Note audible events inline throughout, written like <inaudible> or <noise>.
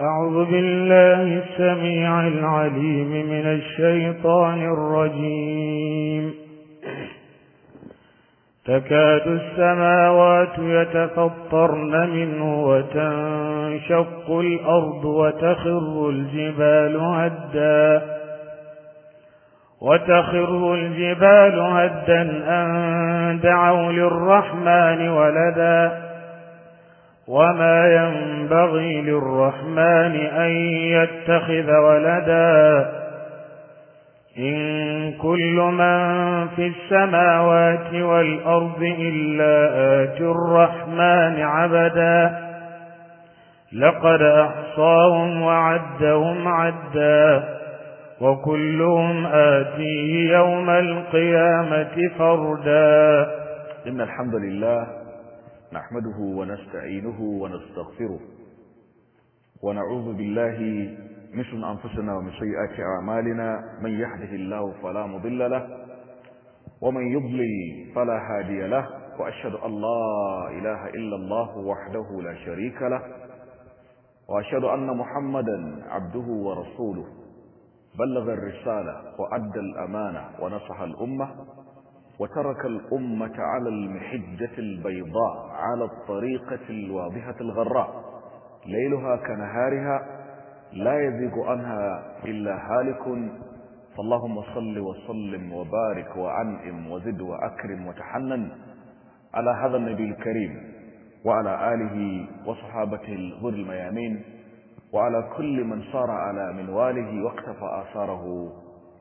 أعوذ بالله السميع العليم من الشيطان الرجيم تكاد السماوات يتفطرن منه وتنشق الأرض وتخر الجبال هدا وتخر الجبال هدا أن دعوا للرحمن ولداً وما ينبغي للرحمن أن يتخذ ولدا إن كل من في السماوات والأرض إلا آت الرحمن عبدا لقد أحصاهم وعدهم عدا وكلهم آتيه يوم القيامة فردا إن الحمد لله نحمده ونستعينه ونستغفره ونعوذ بالله من شر أنفسنا ومن سيئات أعمالنا من يهده الله فلا مضل له ومن يضلل فلا هادي له وأشهد أن لا إله إلا الله وحده لا شريك له وأشهد أن محمدا عبده ورسوله بلغ الرسالة وأدى الأمانة ونصح الأمة وترك الأمة على المحجة البيضاء على الطريقة الواضحة الغراء ليلها كنهارها لا يزيغ عنها إلا هالك فاللهم صل وسلم وبارك وعنئم وزد وأكرم وتحنن على هذا النبي الكريم وعلى آله وصحابته الغر الميامين وعلى كل من صار على منواله واقتفى آثاره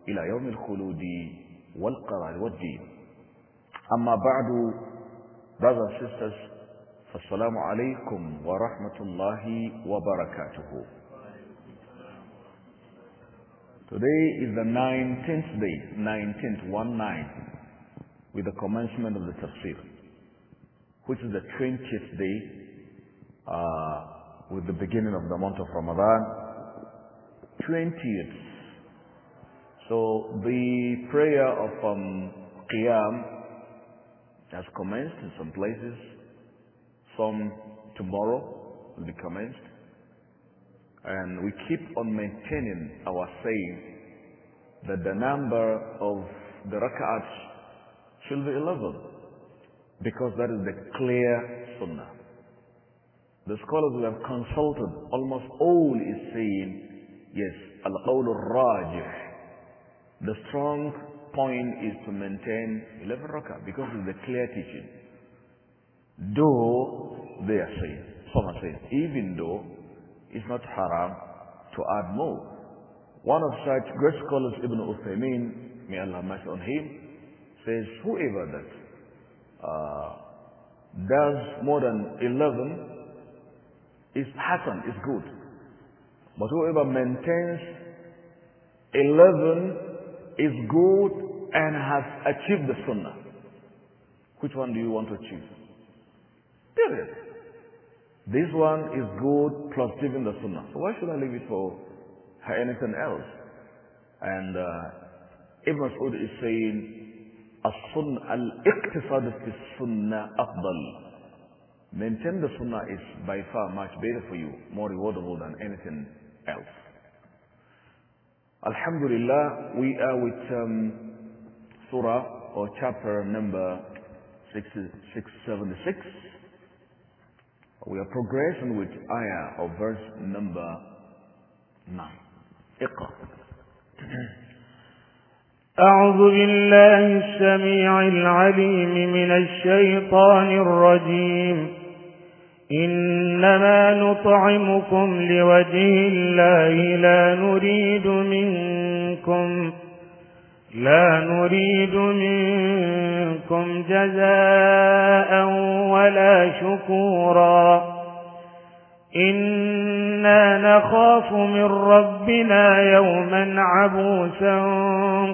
إلى يوم الخلود والقرار والدين أما بعد brothers and sisters فالسلام عليكم ورحمة الله وبركاته Today is the 19th day, 19th, 1-9, with the commencement of the tafsir, which is the 20th day uh, with the beginning of the month of Ramadan, 20th. So the prayer of um, Qiyam has commenced in some places. Some tomorrow will be commenced. And we keep on maintaining our saying that the number of the rak'ats should be 11 because that is the clear sunnah. The scholars we have consulted, almost all is saying, yes, al-qawlu rajih, the strong point is to maintain 11 rakah because it's the clear teaching. Though they are saying, some are saying, even though it's not haram to add more. One of such great scholars, Ibn Uthaymeen, may Allah mercy on him, says, whoever that uh, does more than 11 is hasan, is good. But whoever maintains 11 is good and has achieved the sunnah. Which one do you want to achieve? Period. This one is good plus giving the sunnah. So why should I leave it for anything else? And uh, Ibn Saud is saying, al الاقتصاد sunnah السنة أفضل maintain the sunnah is by far much better for you more rewardable than anything else Alhamdulillah, we are with um, surah or chapter number 676. We are progressing with ayah or verse number 9. اقرأ. أعوذ بالله السميع العليم من الشيطان الرجيم إنما نطعمكم لوجه الله لا نريد منكم لا نريد منكم جزاء ولا شكورا إنا نخاف من ربنا يوما عبوسا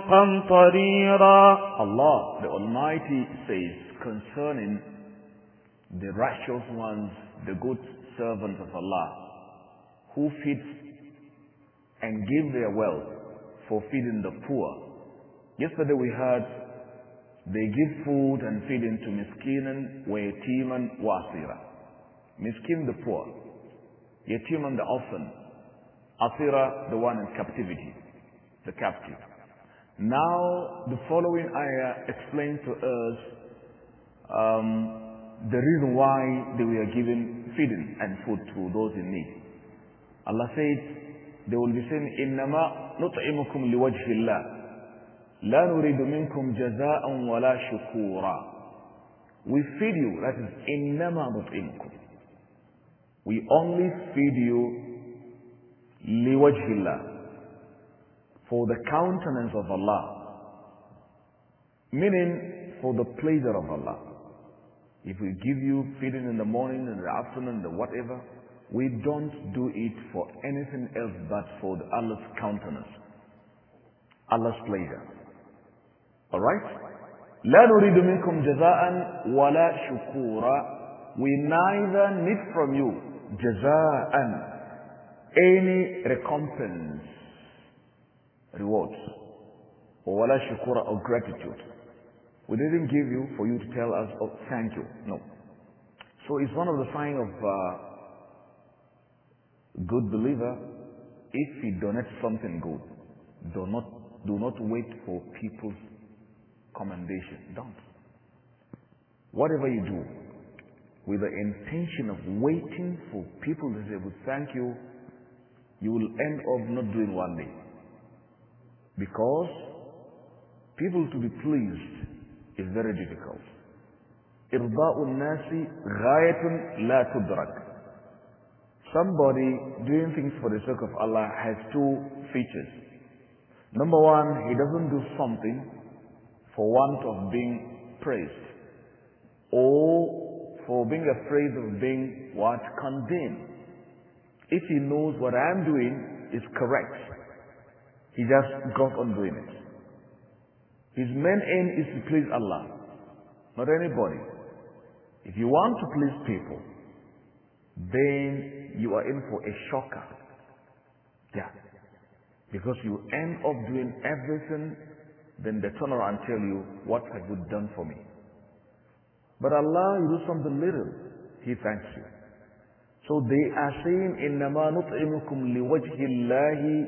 قمطريرا Allah the Almighty says concerning the righteous ones the good servants of Allah who feed and give their wealth for feeding the poor. Yesterday we heard they give food and feeding to miskinan, wa yatiman, Miskin the poor, yatiman the orphan, asira the one in captivity, the captive. Now the following ayah explains to us um, the reason why they were given feeding and food to those in need. Allah said, they will be saying, إِنَّمَا نُطْعِمُكُمْ لِوَجْهِ اللَّهِ لَا نُرِيدُ مِنْكُمْ جَزَاءً وَلَا شُكُورًا We feed you, that is, إِنَّمَا نُطْعِمُكُمْ We only feed you لِوَجْهِ اللَّهِ For the countenance of Allah. Meaning, for the pleasure of Allah. If we give you feeding in the morning, in the afternoon, the whatever, we don't do it for anything else but for Allah's countenance, Allah's pleasure. Alright? لا نريد منكم جزاء ولا شكورا We neither need from you جزاء any recompense, rewards, or ولا شكورا or gratitude. We didn't give you for you to tell us, oh, thank you. No. So it's one of the signs of uh, good believer. If you donate something good, do not, do not wait for people's commendation. Don't. Whatever you do, with the intention of waiting for people to say, well, thank you, you will end up not doing one day. Because people to be pleased is very difficult. إرضاء الناس غاية لا تدرك. Somebody doing things for the sake of Allah has two features. Number one, he doesn't do something for want of being praised or for being afraid of being what? Condemned. If he knows what I am doing is correct, he just goes on doing it. His main aim is to please Allah, not anybody. If you want to please people, then you are in for a shocker. Yeah. Because you end up doing everything, then they turn around and tell you, what have you done for me? But Allah, you do something little, He thanks you. So they are saying, إِنَّمَا نُطْعِمُكُمْ لِوَجْهِ اللَّهِ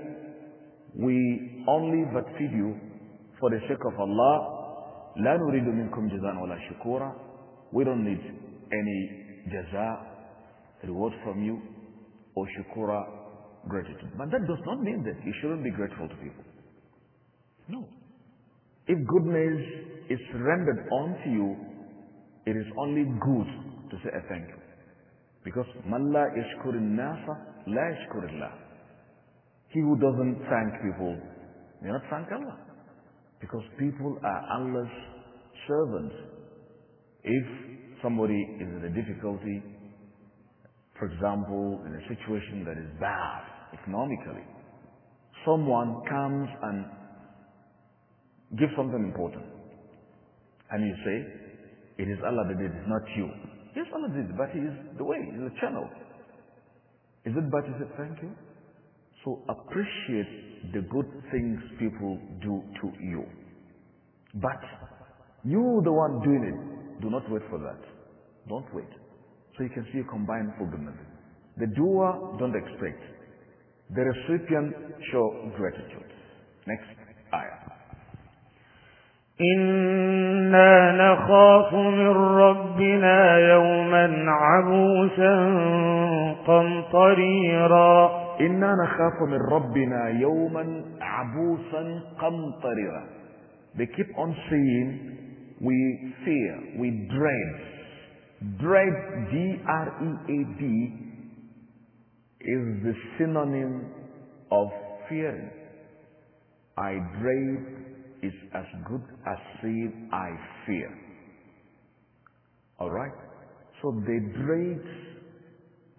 We only but feed you for the sake of Allah, لا نريد منكم جزاء ولا شكورا. We don't need any جزاء reward from you, or shukura, gratitude. But that does not mean that you shouldn't be grateful to people. No. If goodness is rendered unto you, it is only good to say a thank you. Because لا يشْكُرِ النَّاسَ لا يشْكُرِ اللَّهِ. He who doesn't thank people may not thank Allah. Because people are Allah's servants. If somebody is in a difficulty, for example, in a situation that is bad economically, someone comes and gives something important. And you say, it is Allah that did it, not you. Yes, Allah did, but He is the way, He is the channel. Is it but He said, thank you? So appreciate the good things people do to you. But you, the one doing it, do not wait for that. Don't wait. So you can see a combined forgiveness. The doer, don't expect. The recipient, show gratitude. Next ayah. إنا نخاف من ربنا يوما عبوسا قمطريرا إنا نخاف من ربنا يوما عبوسا قمطررا They keep on saying, we fear, we dread. Dread, D-R-E-A-D, is the synonym of fearing. I dread is as good as saying I fear. Alright? So they dread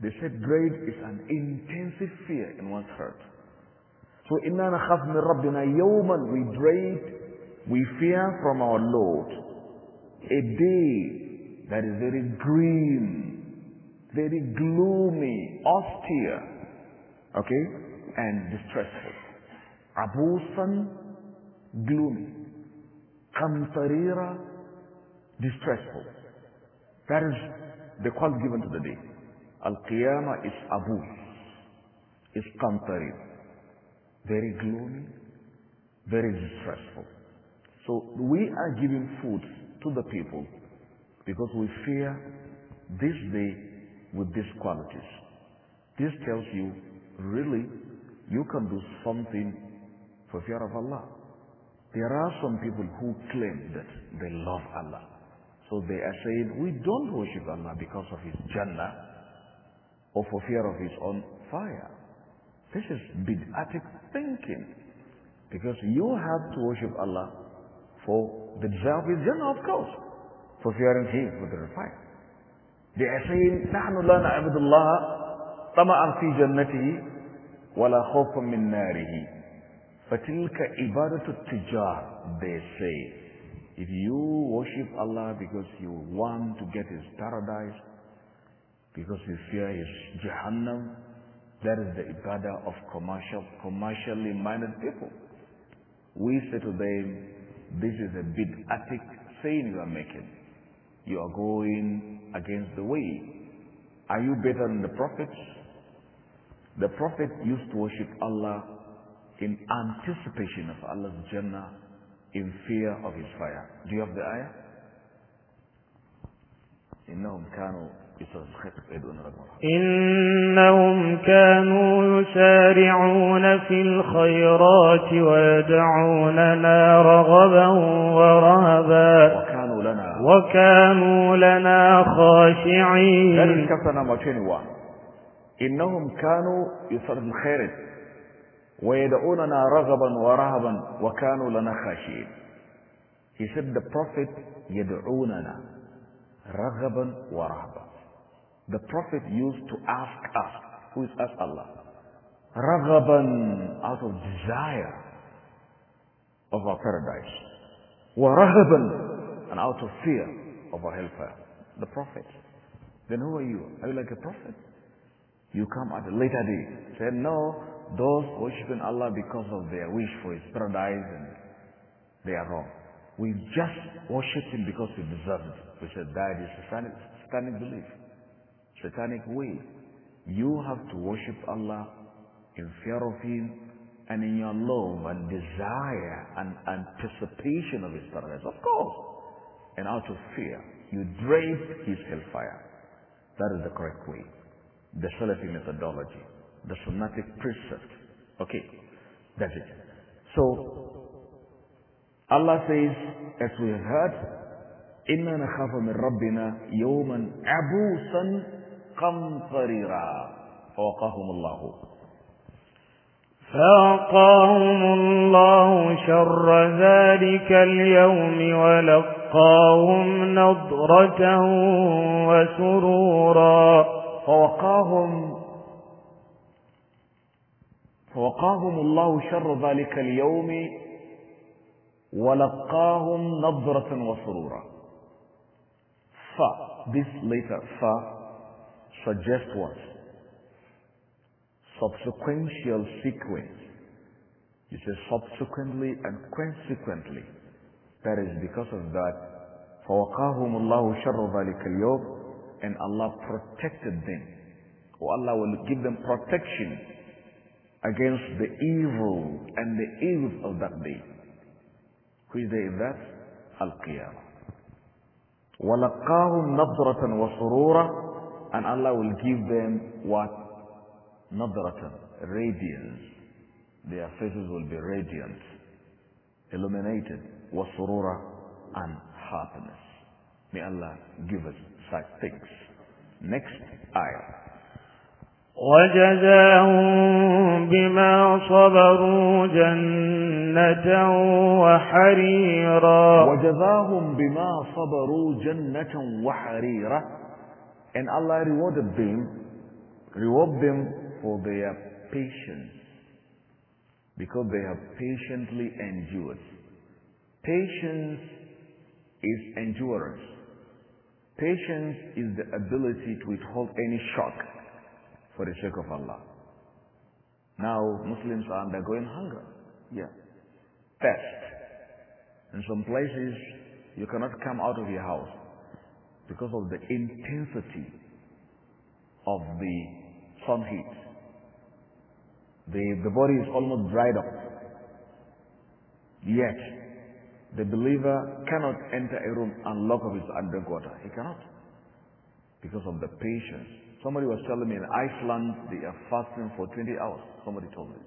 they said dread is an intensive fear in one's heart. So inna nakhaf min rabbina yawman we dread, we fear from our Lord a day that is very grim, very gloomy, austere, okay, and distressful. Abusan, gloomy. Kamtarira, distressful. That is the call given to the day. Al-Qiyamah is Abu, is Qantarib. Very gloomy, very distressful. So we are giving food to the people because we fear this day with these qualities. This tells you, really, you can do something for fear of Allah. There are some people who claim that they love Allah. So they are saying, we don't worship Allah because of His Jannah or for fear of his own fire. This is bid'atic thinking. Because you have to worship Allah for the desire of His Jannah, of course, for fearing Him for the fire. They are saying, نحن لا نعبد الله طمعا في جنته ولا خوفا من ناره. فتلك عبادة التجار, they say. If you worship Allah because you want to get His paradise, because his fear is Jahannam. That is the ibadah of commercial, commercially minded people. We say to them, this is a bid'atic saying you are making. You are going against the way. Are you better than the prophets? The prophet used to worship Allah in anticipation of Allah's Jannah, in fear of his fire. Do you have the ayah? إنهم كانوا إنهم كانوا يسارعون في الخيرات ويدعوننا رغبا ورهبا وكانوا لنا, وكانوا لنا خاشعين إنهم كانوا يسارعون الخيرات ويدعوننا رغبا ورهبا وكانوا لنا خاشعين He said the prophet يدعوننا رغبا ورهبا the Prophet used to ask us, who is us Allah, raghaban, out of desire of our paradise, raghaban, and out of fear of our hellfire. The Prophet. Then who are you? Are you like a Prophet? You come at a later day. Say, no, those worshipping Allah because of their wish for His paradise, and they are wrong. We just worship Him because we deserve it. We said that is a standing belief satanic way. You have to worship Allah in fear of Him and in your love and desire and anticipation of His paradise. Of course. And out of fear, you dread His hellfire. That is the correct way. The Salafi methodology. The Sunnatic precept. Okay. That's it. So, Allah says, as we heard, إِنَّا نَخَافَ مِنْ رَبِّنَا يَوْمًا عَبُوسًا قمطريرا فوقاهم الله فوقاهم الله شر ذلك اليوم ولقاهم نضرة وسرورا فوقاهم فوقاهم الله شر ذلك اليوم ولقاهم نضرة وسرورا ف this letter ف suggest what? Subsequential sequence. He says subsequently and consequently. That is because of that. فَوَقَاهُمُ اللَّهُ شَرُّ ذَلِكَ الْيَوْمِ And Allah protected them. Or oh, Allah will give them protection against the evil and the evil of that day. Who is day is that? Al-Qiyamah. وَلَقَّاهُمْ نَظْرَةً وَسُرُورًا and Allah will give them what? Nadratan, radiance. Their faces will be radiant, illuminated, wasurura, and happiness. May Allah give us such things. Next ayah. وجزاهم بما صبروا جنة وحريرا وجزاهم بما صبروا جنة وحريرا and Allah rewarded them, reward them for their patience, because they have patiently endured. Patience is endurance. Patience is the ability to withhold any shock for the sake of Allah. Now, Muslims are undergoing hunger. Yeah. Theft. In some places, you cannot come out of your house because of the intensity of the sun heat. The, the body is almost dried up. Yet, the believer cannot enter a room and lock up his and He cannot. Because of the patience. Somebody was telling me in Iceland they are fasting for 20 hours. Somebody told me.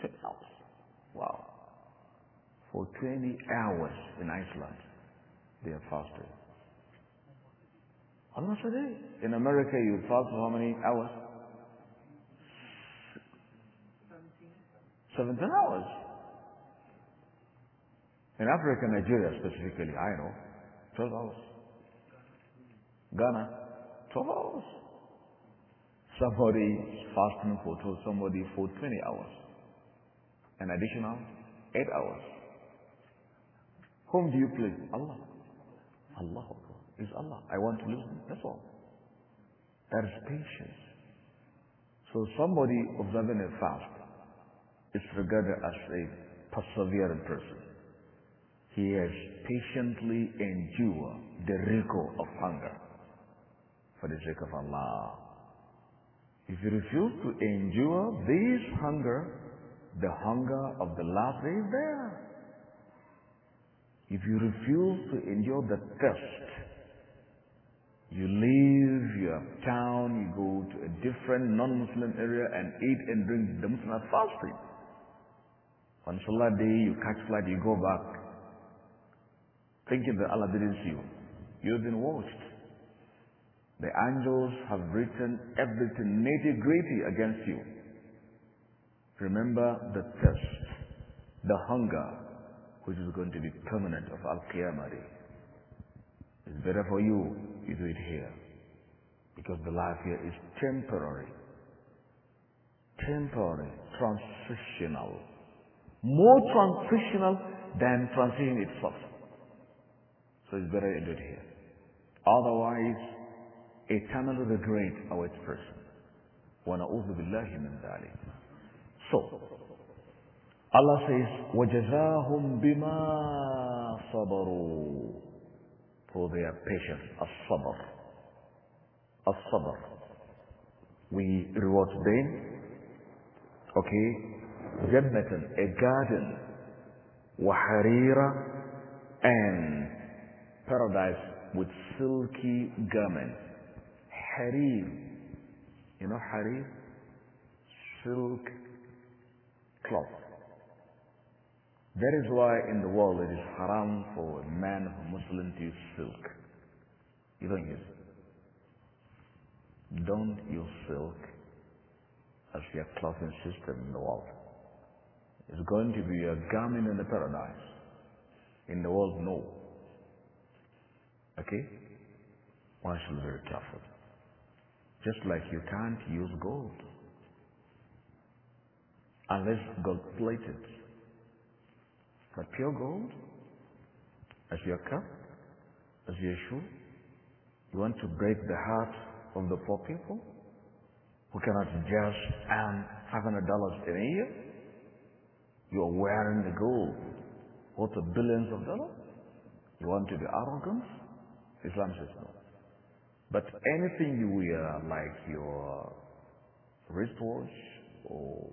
20 hours. Wow. For 20 hours in Iceland they are fasting. Almost a day. In America, you fast for how many hours? 17 hours. In Africa, Nigeria specifically, I know, 12 hours. Ghana, 12 hours. Somebody fasting for 12, somebody for 20 hours. An additional 8 hours. Whom do you please? Allah. Allah is Allah. I want to listen. That's all. That is patience. So somebody observing a fast is regarded as a perseverant person. He has patiently endured the rigor of hunger for the sake of Allah. If you refuse to endure this hunger, the hunger of the last day is there. If you refuse to endure the thirst you leave your town, you go to a different non-Muslim area and eat and drink. The Muslim are fasting. On Salah day, you catch flight, you go back. Thinking that Allah didn't see you. You've been watched. The angels have written everything nitty-gritty against you. Remember the thirst, the hunger, which is going to be permanent of Al-Qiyamah day. It's better for you, you do it here. Because the life here is temporary. Temporary, transitional. More transitional than transition itself. So it's better you do it here. Otherwise, eternal regret awaits person. وَنَعُوذُ بِاللَّهِ مِنْ ذَلِكَ So, Allah says, وَجَزَاهُمْ بِمَا صَبَرُوا for their patience. As-sabr. As-sabr. We reward them, okay, jannatan, a garden, waharira, and paradise with silky garments. Harir. You know harir? Silk cloth. That is why in the world it is haram for a man of a Muslim to use silk. You don't use it. Don't use silk as your clothing system in the world. It's going to be a garment in the paradise. In the world, no. Okay? One should be very careful. Just like you can't use gold unless gold plated but pure gold, as your cup, as your shoe, you want to break the heart of the poor people who cannot just earn $500 in a year. You are wearing the gold worth of billions of dollars. You want to be arrogant? Islam says no. But anything you wear, like your wristwatch or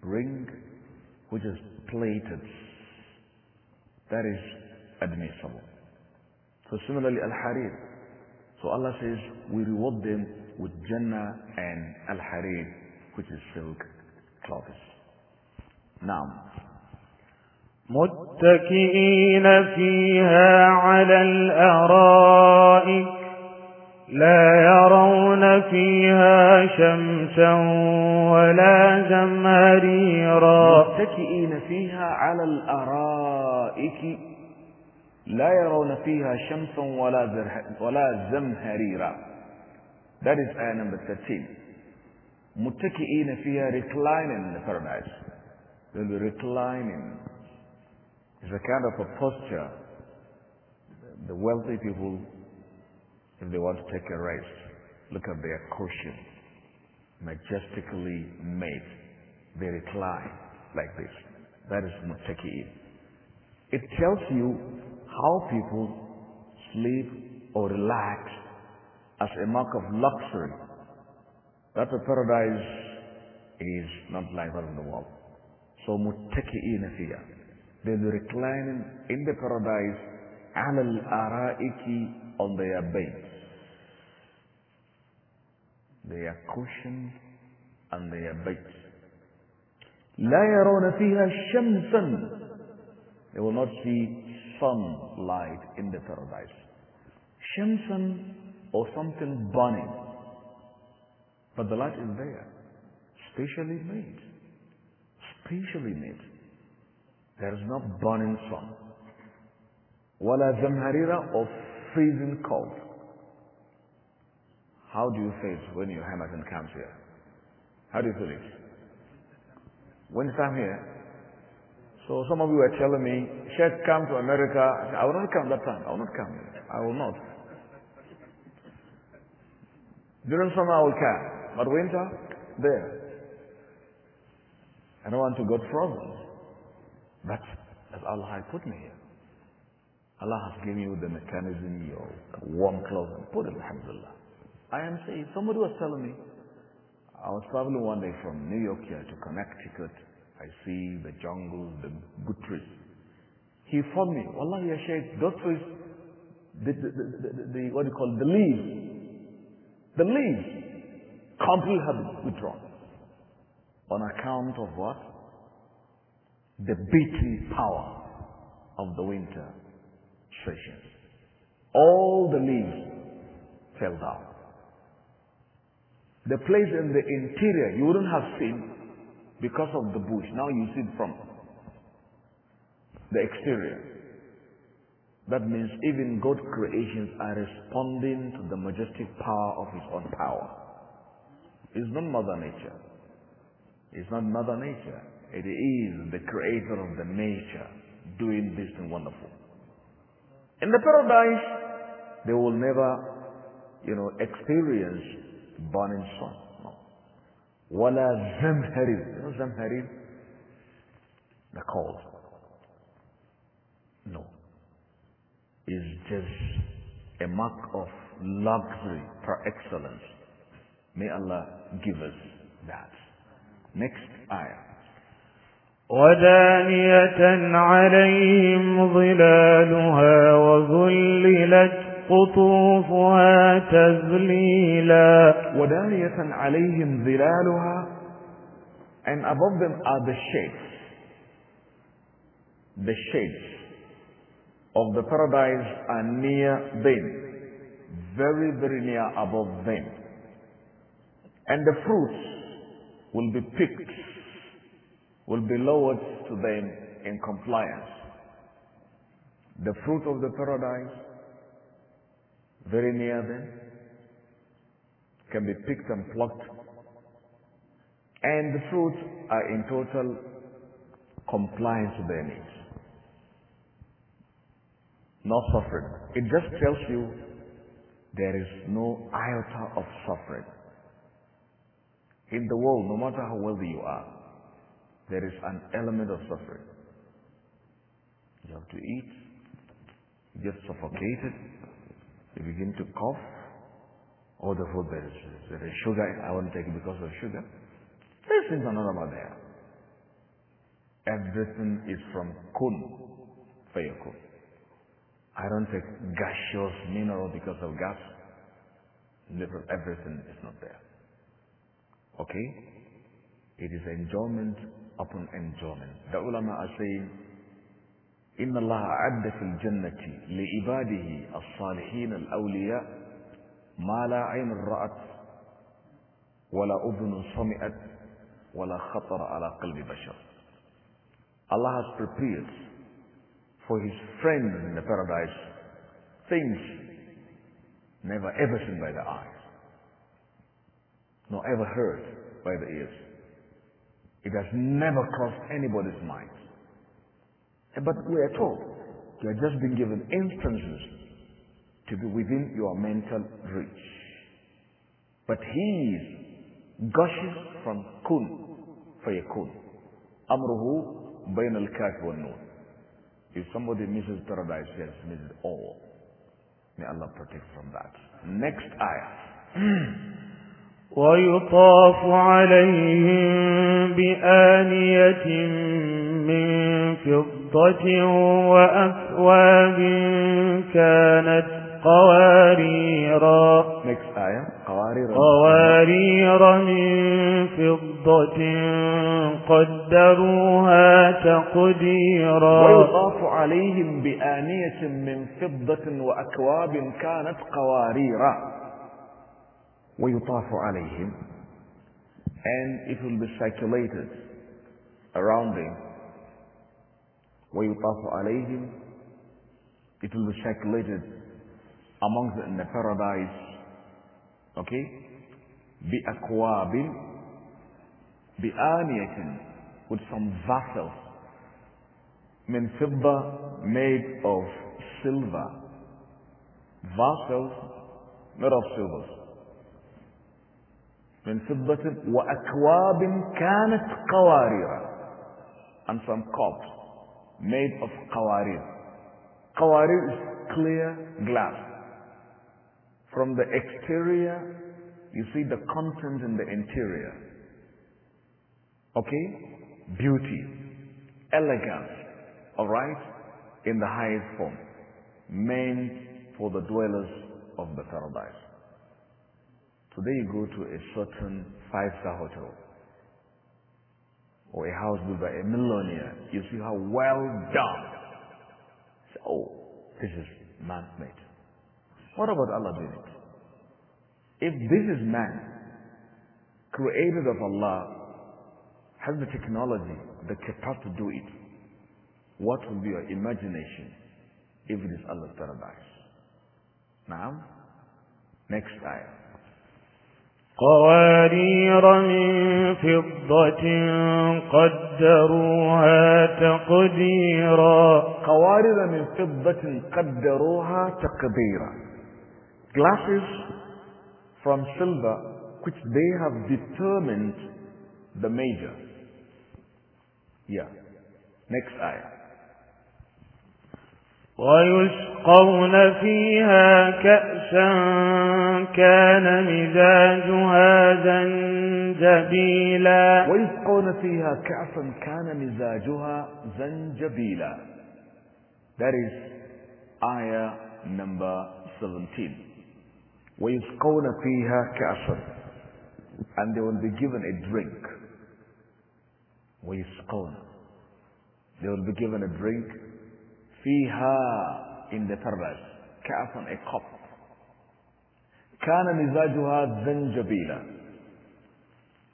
ring which is plated. That is admissible. So similarly, al-harir. So Allah says, we reward them with Jannah and al-harir, which is silk clothes. Now, متكئين فيها على الأرائك لا يرون فيها شمسا ولا زمهريرا متكئين فيها على الأرائك لا يرون فيها شمسا ولا, ولا زمهريرا That is ayah number 13. متكئين فيها reclining in the paradise. They'll be reclining. It's a kind of a posture the wealthy people If they want to take a rest, look at their cushions, majestically made. They recline like this. That is muttaqi'in. It tells you how people sleep or relax as a mark of luxury. That the paradise is not like that in the world. So muttaqi'in fiya. They'll reclining in the paradise ala al-ara'iki on their bed. They are caution and are bait. لا يرون فيها شمسا They will not see sunlight in the paradise. Shemsan or something burning. But the light is there. Specially made. Specially made. There is no burning sun. ولا zamharira or freezing cold. How do you feel when your Hamilton comes here? How do you feel it? When it's time here? So some of you were telling me, Sheikh, come to America. I, said, I will not come that time. I will not come. I will not. During summer I will come. But winter, there. I don't want to go frozen. But as Allah has put me here. Allah has given you the mechanism, your warm clothes, and put it, alhamdulillah. I am saying, somebody was telling me, I was traveling one day from New York here to Connecticut. I see the jungle, the good trees. He found me, Wallahi, Ya Sheikh, those trees, the, the, the, the, what do you call the leaves, the leaves completely have withdrawn. On account of what? The beating power of the winter sessions. All the leaves fell down. The place in the interior you wouldn't have seen because of the bush. Now you see it from the exterior. That means even God's creations are responding to the majestic power of His own power. It's not Mother Nature. It's not Mother Nature. It is the creator of the nature doing this thing wonderful. In the paradise, they will never, you know, experience burning son, No. Wala zamharib. You know zamharib? The cold. No. It's just a mark of luxury per excellence. May Allah give us that. Next ayah. ودانية عليهم ظلالها وذللت قطوفها تذليلا ودانية عليهم ظلالها and above them are the shades the shades of the paradise are near them very very near above them and the fruits will be picked will be lowered to them in compliance the fruit of the paradise very near them, can be picked and plucked. And the fruits are in total compliance with their needs. No suffering. It just tells you there is no iota of suffering. In the world, no matter how wealthy you are, there is an element of suffering. You have to eat, you get suffocated, you begin to cough. All the food there is, there is sugar. I won't take it because of sugar. These things are not about there. Everything is from kun, fayakun. I don't take gaseous mineral because of gas. Never, everything is not there. Okay? It is enjoyment upon enjoyment. The ulama are saying, إن الله أعد في الجنة لعباده الصالحين الأولياء ما لا عين رأت ولا أذن سمعت ولا خطر على قلب بشر Allah has prepared for his friend in the paradise things never ever seen by the eyes nor ever heard by the ears. It has never crossed anybody's mind. But we are told you are just being given instances to be within your mental reach. But he gushes from kun fayakun. Amruhu bayn al kaf wa nun. If somebody misses paradise, he has missed all. May Allah protect from that. Next ayah. ويطاف عليهم بآنية من فضة فضة وأكواب كانت قواريرا قوارير من فضة قدروها تقديرا ويضاف عليهم بآنية من فضة وأكواب كانت قواريرا ويطاف عليهم and it will be circulated around them وَيُطَافُ عَلَيْهِمْ It will be circulated amongst them in the paradise. Okay? بِأَكْوَابٍ بِآنِيَةٍ With some vessels. من فضة made of silver. Vessels made of silver. من فضة وأكواب كانت قواريرا and some cups made of qawarir. Qawarir is clear glass. From the exterior, you see the content in the interior. Okay? Beauty, elegance, alright? In the highest form. Meant for the dwellers of the paradise. Today you go to a certain five-star hotel or a house built by a millionaire, you see how well done. So, oh, this is man-made. What about Allah doing it? If this is man, created of Allah, has the technology, the capacity to do it, what would be your imagination if it is Allah's paradise? Now, next time. قوارير من فضة قدروها تقديرا قوارير من فضة قدروها تقديرا Glasses from silver which they have determined the major Yeah. Next ayah. ويسقون فيها كأسا كان مزاجها زنجبيلا ويسقون فيها كأسا كان مزاجها زنجبيلا That is ayah آية number 17 ويسقون فيها كأسا And they will be given a drink ويسقون They will be given a drink فيها in the paradise كأسا a cup كان مزاجها زنجبيلا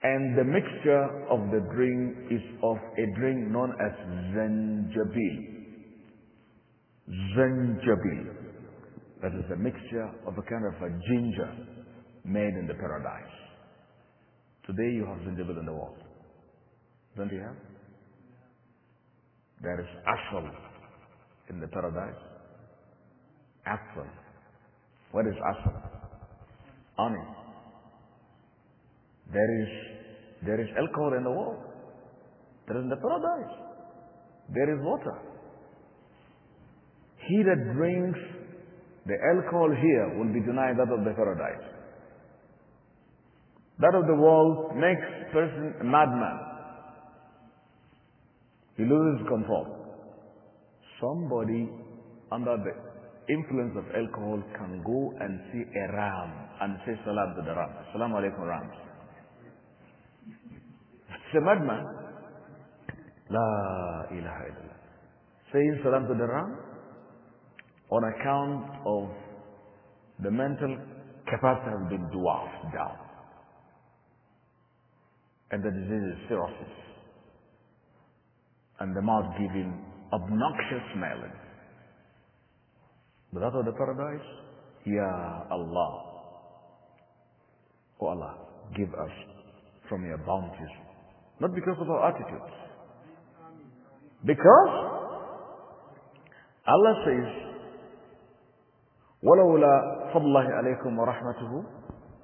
and the mixture of the drink is of a drink known as zanjabil. Zanjabil. That is a mixture of a kind of a ginger made in the paradise. Today you have zanjabil in the world. Don't you have? There is ashal in the paradise? Aslan. What is Aslan? Honey. There is, there is alcohol in the world. There is in the paradise. There is water. He that drinks the alcohol here will be denied that of the paradise. That of the world makes person a madman. He loses control somebody under the influence of alcohol can go and see a ram and say salam to the ram. Salam alaikum ram. It's a madman. La ilaha illallah. Saying salam to the ram on account of the mental capacity has been dwarfed down. And the disease is cirrhosis. And the mouth giving obnoxious smelling. But that of the paradise, Ya Allah. Oh Allah, give us from your bounties. Not because of our attitudes. Because Allah says, وَلَوْلَا فَضْلَهِ عَلَيْكُمْ وَرَحْمَتُهُ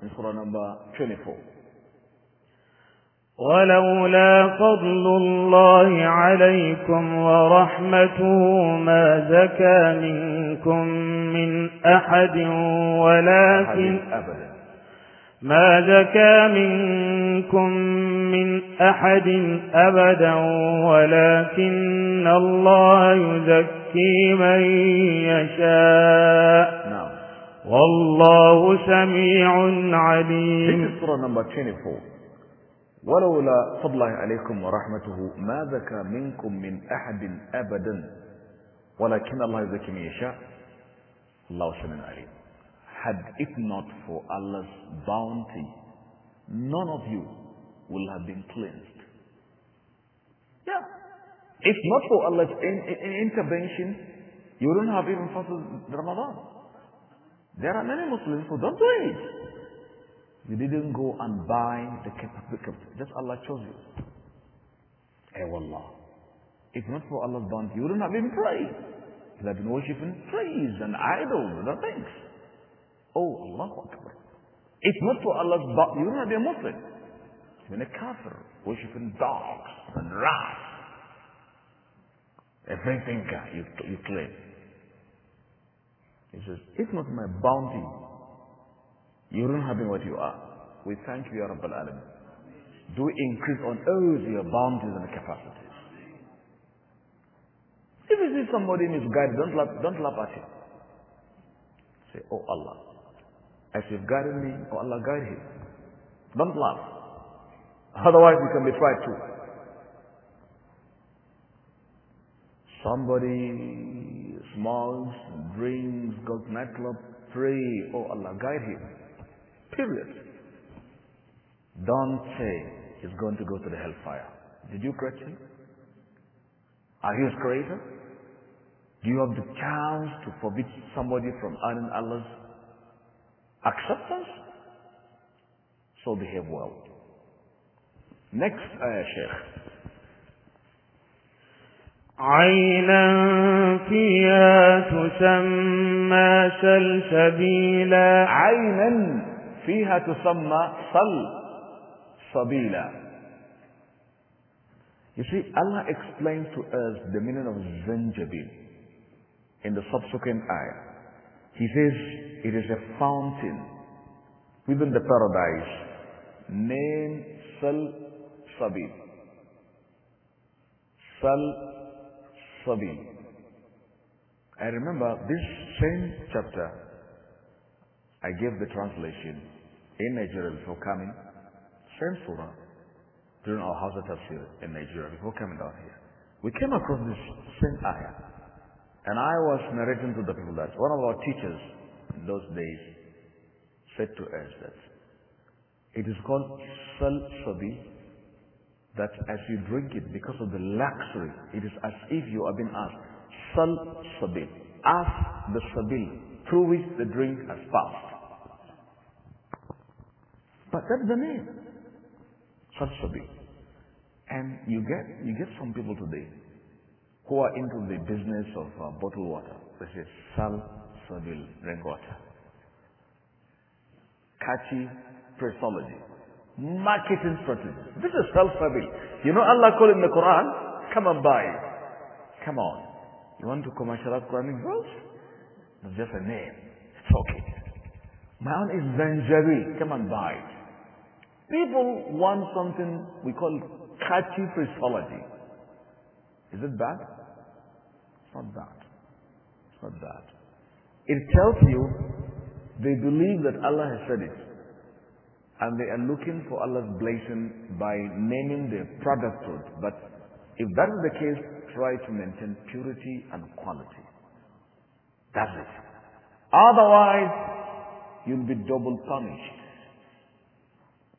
in Surah number 24. ولولا فضل الله عليكم ورحمته ما زكى منكم من أحد ولكن ما زكى منكم من أحد أبدا ولكن الله يزكي من يشاء نعم والله سميع عليم surah number 24. ولولا فضل الله عليكم ورحمته ما ذكى منكم من أحد أبدا ولكن الله يزكي من يشاء الله سمين عليم Had it not for Allah's bounty, none of you will have been cleansed. Yeah. If not for Allah's in, in, intervention, you wouldn't have even fasted Ramadan. There are many Muslims who don't do it. You didn't go and buy the capital. Just Allah chose you. Eh wallah. If not for Allah's bounty, you wouldn't have been praying. You would have been worshipping trees and idols and other things. Oh, Allahu Akbar. If not for Allah's bounty, you wouldn't have been a Muslim. you have been a kafir, worshipping dogs and rats. Everything uh, you, you claim. He says, if not my bounty, you're not having what you are. We thank you, Ya Rabbal Alamin. Do increase on earth your bounties and capacities. If you see somebody misguided, don't laugh, don't laugh at him. Say, Oh Allah, as you've guided me, Oh Allah, guide him. Don't laugh. Otherwise, you can be tried too. Somebody smokes, drinks, goes nightclub, pray, Oh Allah, guide him. Period. Don't say he's going to go to the hellfire. Did you question? him? Are you his creator? Do you have the chance to forbid somebody from earning Allah's acceptance? So behave well. Next ayah, Sheikh. عينا فيها تسمى سلسبيلا عينا فيها تسمى صل sabila. You see, Allah explains to us the meaning of zanjabil in the subsequent ayah. He says, it is a fountain within the paradise named Sal Sabil. Sal Sabil. I remember this same chapter, I gave the translation in Nigeria before coming, same surah during our house of tafsir in Nigeria before coming down here. We came across this same ayah. And I was narrating to the people that one of our teachers in those days said to us that it is called sal-sabi that as you drink it because of the luxury, it is as if you are being asked, sal-sabi, ask the sabil through which the drink has passed. But that's the name. Sarsabi. And you get, you get some people today who are into the business of uh, bottled water. This is sal sabil drink water. Catchy phraseology, Marketing strategy. This is sal sabil. You know Allah called in the Quran, come and buy. Come on. You want to commercialize Quranic verse? It's just a name. It's okay. My own is Zanjabil. Come and buy it. People want something we call catchy phraseology. Is it bad? It's not bad. It's not bad. It tells you they believe that Allah has said it. And they are looking for Allah's blessing by naming their product But if that is the case, try to maintain purity and quality. That's it. Otherwise, you'll be double punished.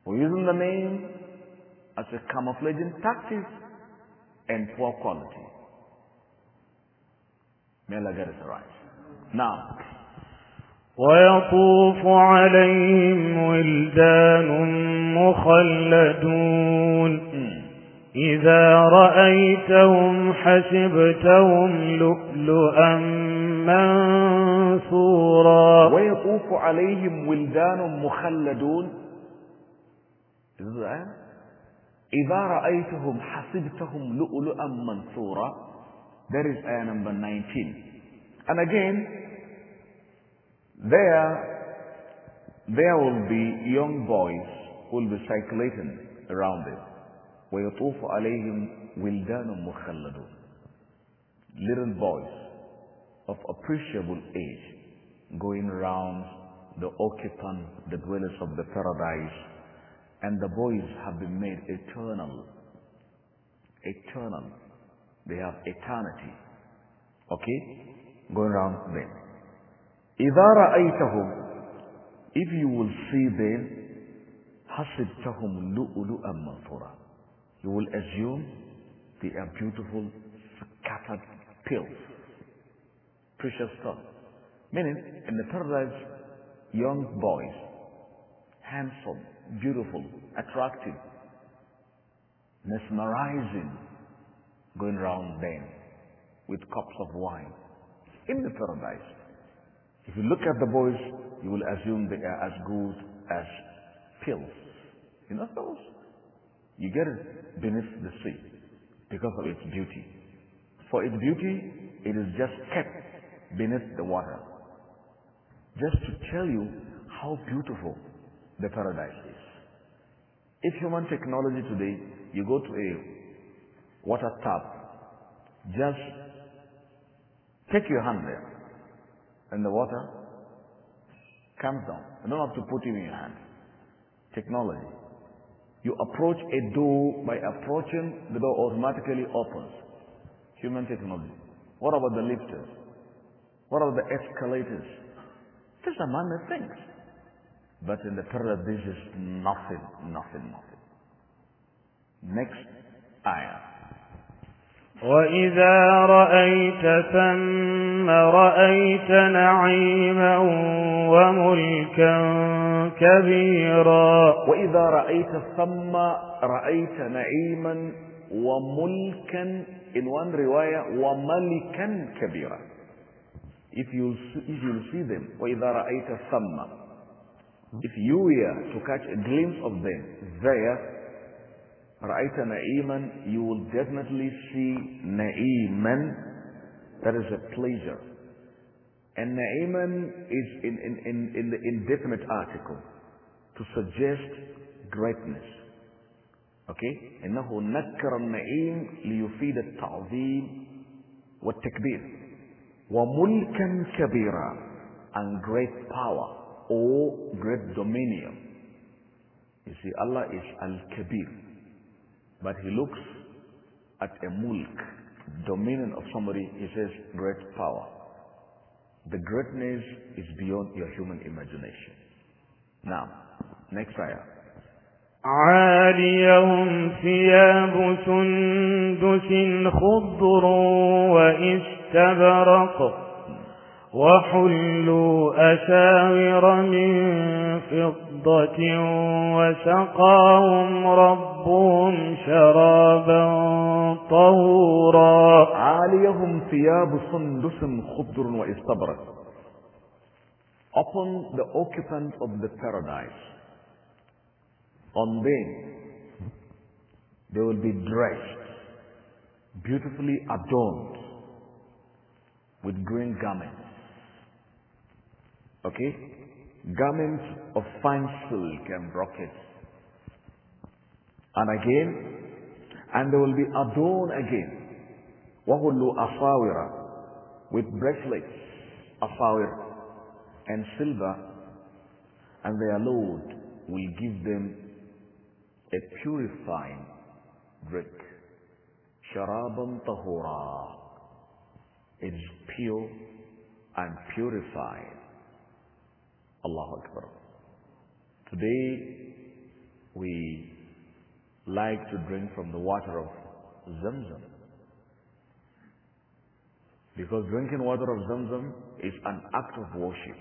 We're using the name as a camouflaging tactic and poor quality. May Allah get us right. Now, ويطوف عليهم ولدان مخلدون إذا رأيتهم حسبتهم لؤلؤا منثورا ويطوف عليهم ولدان مخلدون إِذَا رَأَيْتُهُمْ حَسِبْتَهُمْ لُؤْلُؤًا مَنْثُورًا That is ayah number 19. And again, there, there will be young boys who will be circulating around them. وَيَطُوفُ عَلَيْهِمْ وِلْدَانٌ مُخَلَّدُونَ Little boys of appreciable age going round the occupant, the dwellers of the paradise, and the boys have been made eternal. Eternal. They have eternity. Okay? Going around them. إِذَا رَأَيْتَهُمْ If you will see them, حَسِبْتَهُمْ لُؤْلُؤًا You will assume they are beautiful, scattered pills. Precious stones. Meaning, in the paradise, young boys, handsome, beautiful, attractive, mesmerizing, going round them with cups of wine in the paradise. If you look at the boys, you will assume they are as good as pills. You know those? You get it beneath the sea because of its beauty. For its beauty, it is just kept beneath the water. Just to tell you how beautiful the paradise is. If human technology today, you go to a water tap, just take your hand there, and the water comes down. You don't have to put it in your hand. Technology. You approach a door, by approaching, the door automatically opens. Human technology. What about the lifters? What about the escalators? These are man things. But in the paradise this is nothing, nothing, nothing. Next ayah. وَإِذَا رَأَيْتَ ثَمَّ رَأَيْتَ نَعِيمًا وَمُلْكًا كَبِيرًا وَإِذَا رَأَيْتَ ثَمَّ رَأَيْتَ نَعِيمًا وَمُلْكًا in one riwayah وَمَلِكًا كَبِيرًا if you if you see them وَإِذَا رَأَيْتَ ثَمَّ if you were to catch a glimpse of them there, رأيت Na'iman, you will definitely see Na'iman. that is a pleasure. And Na'iman is in, in, in, in the indefinite article to suggest greatness. Okay? إنه نكر النعيم ليفيد التعظيم والتكبير. وملكا كبيرا and great power or great dominion. You see, Allah is Al-Kabir, but He looks at a mulk, dominion of somebody, He says, great power. The greatness is beyond your human imagination. Now, next ayah. عاليهم ثياب سندس خضر واستبرق وحلوا أساور من فضة وسقاهم ربهم شرابا طهورا عليهم ثياب صندس خضر واستبرق upon the occupants of the paradise on them they will be dressed beautifully adorned with green garments Okay? Garments of fine silk and brocades. And again, and they will be adorned again. وَهُلُّ أَصَاوِرَ With bracelets, أَصَاوِرَ and silver, and their Lord will give them a purifying drink. Sharabam tahura. It is pure and purified. Allahu Akbar. Today, we like to drink from the water of Zamzam. Because drinking water of Zamzam is an act of worship.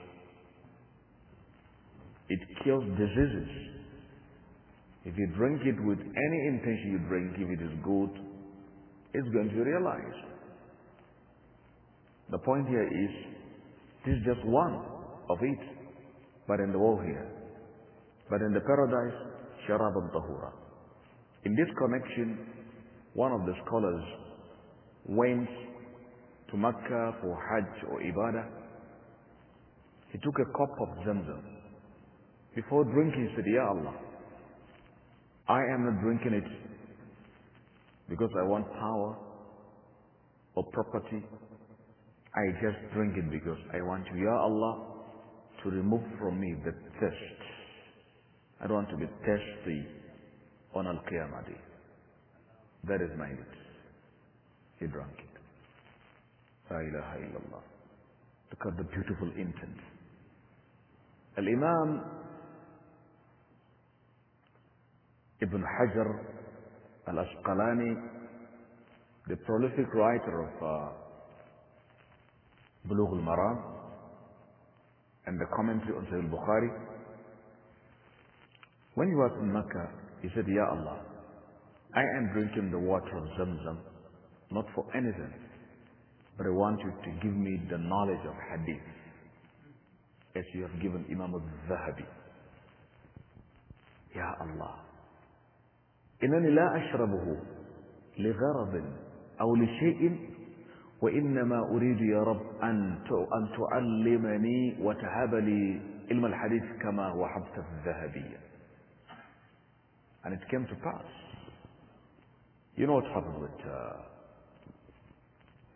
It kills diseases. If you drink it with any intention you drink, if it is good, it's going to realize. The point here is, this is just one of it but in the world here. But in the paradise, sharab al-tahura. In this connection, one of the scholars went to Mecca for Hajj or Ibadah. He took a cup of Zamzam. Before drinking, he said, Ya Allah, I am not drinking it because I want power or property. I just drink it because I want you. Ya Allah, to remove from me the thirst. I don't want to be thirsty on Al Qiyamah Day. That is my need. He drank it. La ilaha illallah. Look at the beautiful intent. Al Imam Ibn Hajar Al Asqalani, the prolific writer of uh, Bulugh al Maram, and the commentary on Sahih Bukhari. When he was in Mecca, he said, Ya Allah, I am drinking the water of Zamzam, not for anything, but I want you to give me the knowledge of Hadith, as you have given Imam al-Zahabi. Ya Allah, إنني لا أشربه لغرض أو لشيء وإنما أريد يا رب أن أن تعلمني وتهب لي علم الحديث كما هو حبت الذهبية and it came to pass you know what happened with uh,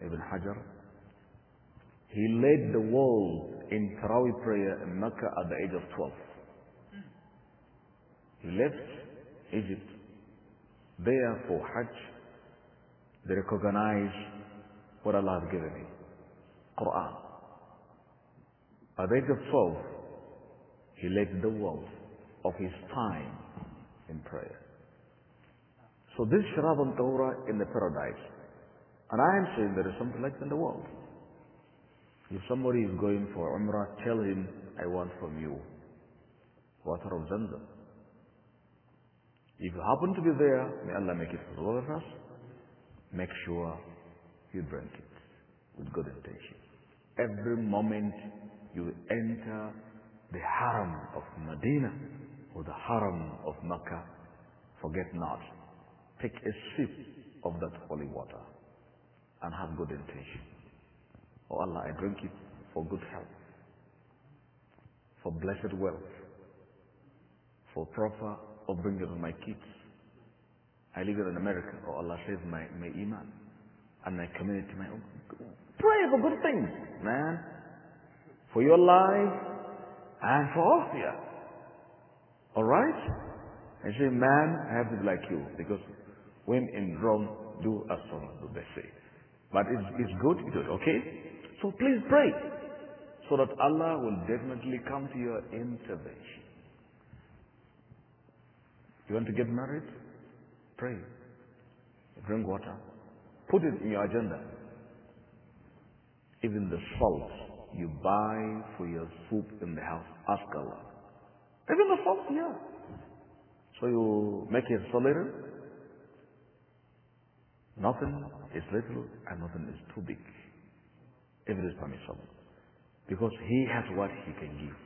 Ibn Hajar he led the world in Tarawih prayer in Mecca at the age of 12 he left Egypt there for Hajj they recognized what Allah has given me. Quran. By the age he laid the world of his time in prayer. So this Sharab and Torah in the paradise. And I am saying there is something like that in the world. If somebody is going for Umrah, tell him, I want from you water of Zamzam. If you happen to be there, may Allah make it for all of us. Make sure you drank it with good intention. Every moment you enter the haram of Medina or the haram of Mecca, forget not. Take a sip of that holy water and have good intention. Oh Allah, I drink it for good health, for blessed wealth, for proper upbringing of my kids. I live in America. Oh Allah, save my, my iman. And I committed to my own. Pray for good things, man. For your life and for Austria. Alright? I say, man, I have to be like you. Because when in Rome, do as Rome do, they say. But it's, it's good to do it, okay? So please pray. So that Allah will definitely come to your intervention. You want to get married? Pray. Drink water. Put it in your agenda. Even the salt you buy for your soup in the house, ask Allah. Even the salt, yeah. So you make it so little. Nothing is little and nothing is too big. If it is permissible. Because he has what he can give.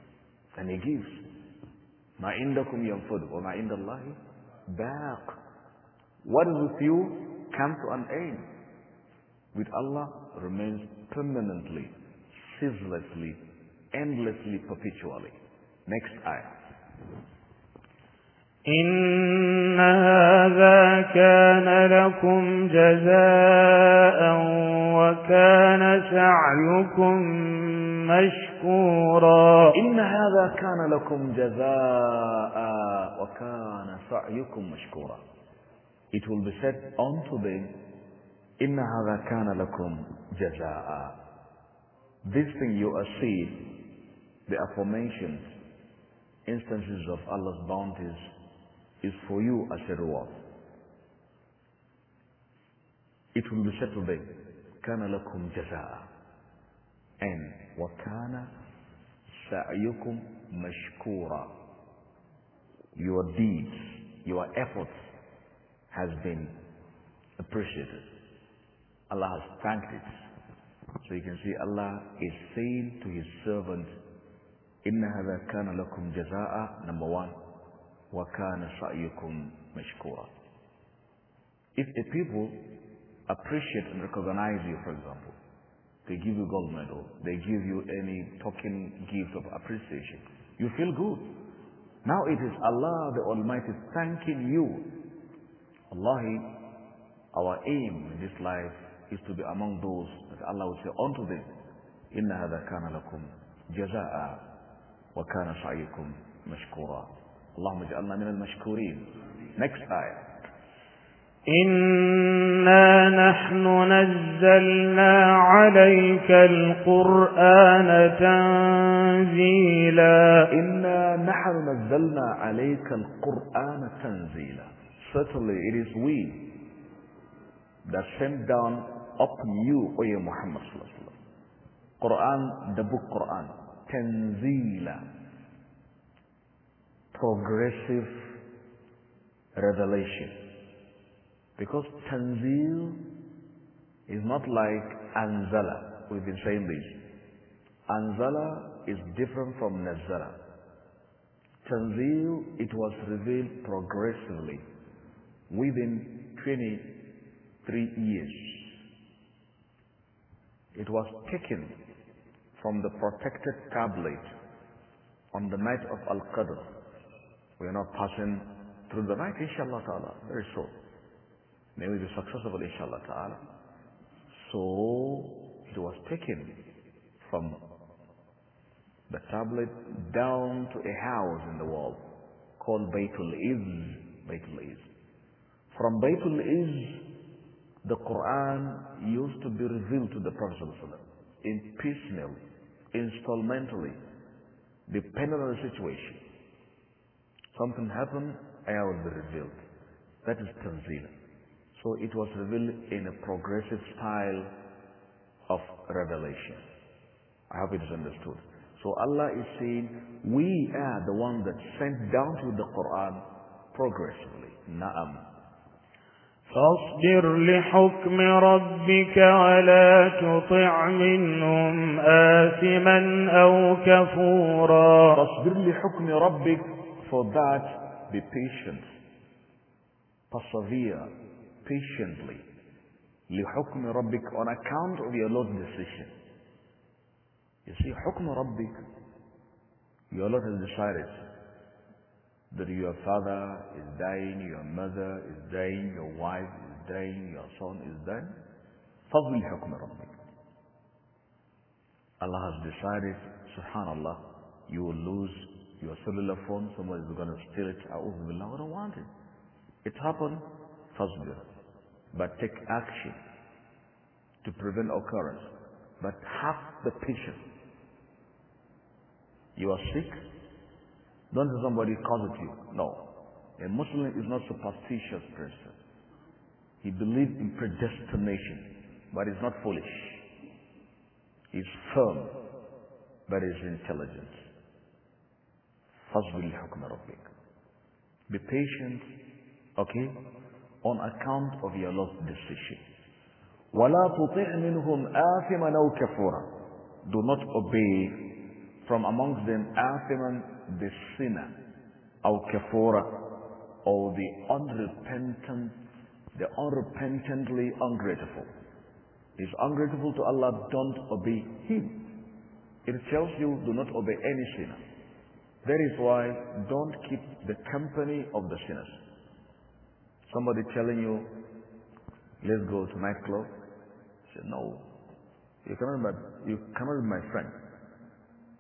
And he gives. مَا عِنْدَكُمْ يَنْفُدُ وَمَا عِنْدَ اللَّهِ بَاقٍ What is with you Come to an end with Allah remains permanently, ceaselessly, endlessly, perpetually. Next ayah. إن هذا كان لكم جزاء وكان سعيكم مشكورا إن هذا كان لكم جزاء وكان سعيكم مشكورا It will be said unto them Inna hadha kana This thing you see, the affirmations, instances of Allah's bounties, is for you as a reward. It will be said to them, kana lakum And wa kana sa'yukum mashkura. Your deeds, your efforts has been appreciated. Allah has thanked it. So you can see Allah is saying to his servant, Inna هَذَا kana لَكُمْ جَزَاءً Number one, kana سَعْيُكُمْ مَشْكُورًا If a people appreciate and recognize you, for example, they give you gold medal, they give you any token gift of appreciation, you feel good. Now it is Allah the Almighty thanking you. Allah, our aim in this life is to be among those that Allah will say unto them, إِنَّ هَذَا كَانَ لَكُمْ جَزَاءً وَكَانَ سَعْيُكُمْ مَشْكُورًا اللهم اجعلنا من المشكورين Next ayah إنا نحن نزلنا عليك القرآن تنزيلا إنا نحن نزلنا عليك القرآن تنزيلا Certainly it is we that sent down up you, O your Muhammad Quran, the book Quran, Tanzila, progressive revelation. Because Tanzil is not like Anzala. We've been saying this. Anzala is different from Nazala. Tanzil, it was revealed progressively within 23 years. It was taken from the protected tablet on the night of Al-Qadr. We are now passing through the night, inshallah ta'ala, very soon. May we be successful, inshallah ta'ala. So, it was taken from the tablet down to a house in the wall called Baytul Iz. Baytul Iz. From Baytul Iz the Quran used to be revealed to the Prophet ﷺ in piecemeal, installmentally, depending on the situation. Something happened, and it will be revealed. That is Tanzila. So it was revealed in a progressive style of revelation. I hope it is understood. So Allah is saying, we are the one that sent down to the Quran progressively. Naam. فاصبر لحكم ربك ولا تطع منهم آثما أو كفورا فاصبر لحكم ربك for that be patient persevere patiently لحكم ربك on account of your Lord's decision you see حكم ربك your Lord has decided that your father is dying, your mother is dying, your wife is dying, your son is dying. فضل حكم ربك. Allah has decided, subhanallah, you will lose your cellular phone, someone is going to steal it, I don't want it. It happened, فاصبر. But take action to prevent occurrence. But have the patience. You are sick, don't say somebody causes you. No. A Muslim is not superstitious person. He believes in predestination, but he's not foolish. He's firm, but he's intelligent. Be patient, okay, on account of your lost decision. وَلَا تُطِعْ مِنْهُمْ آثِمًا أَوْ كَفُورًا Do not obey from amongst them آثِمًا the sinner, or kafura, or the unrepentant, the unrepentantly ungrateful. Is ungrateful to Allah, don't obey Him. It tells you, do not obey any sinner. That is why don't keep the company of the sinners. Somebody telling you, let's go to nightclub. Say, no, you cannot, you cannot be my friend.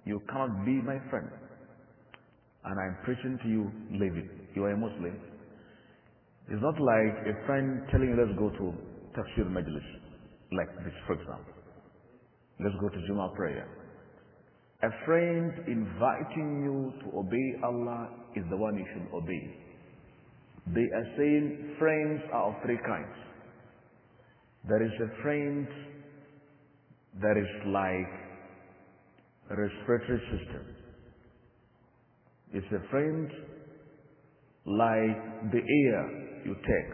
You cannot be my friend and I'm preaching to you, leave it. You are a Muslim. It's not like a friend telling you, let's go to Tafsir Majlis, like this, for example. Let's go to Jummah prayer. A friend inviting you to obey Allah is the one you should obey. They are saying friends are of three kinds. There is a friend that is like a respiratory system. It's a friend like the air you take.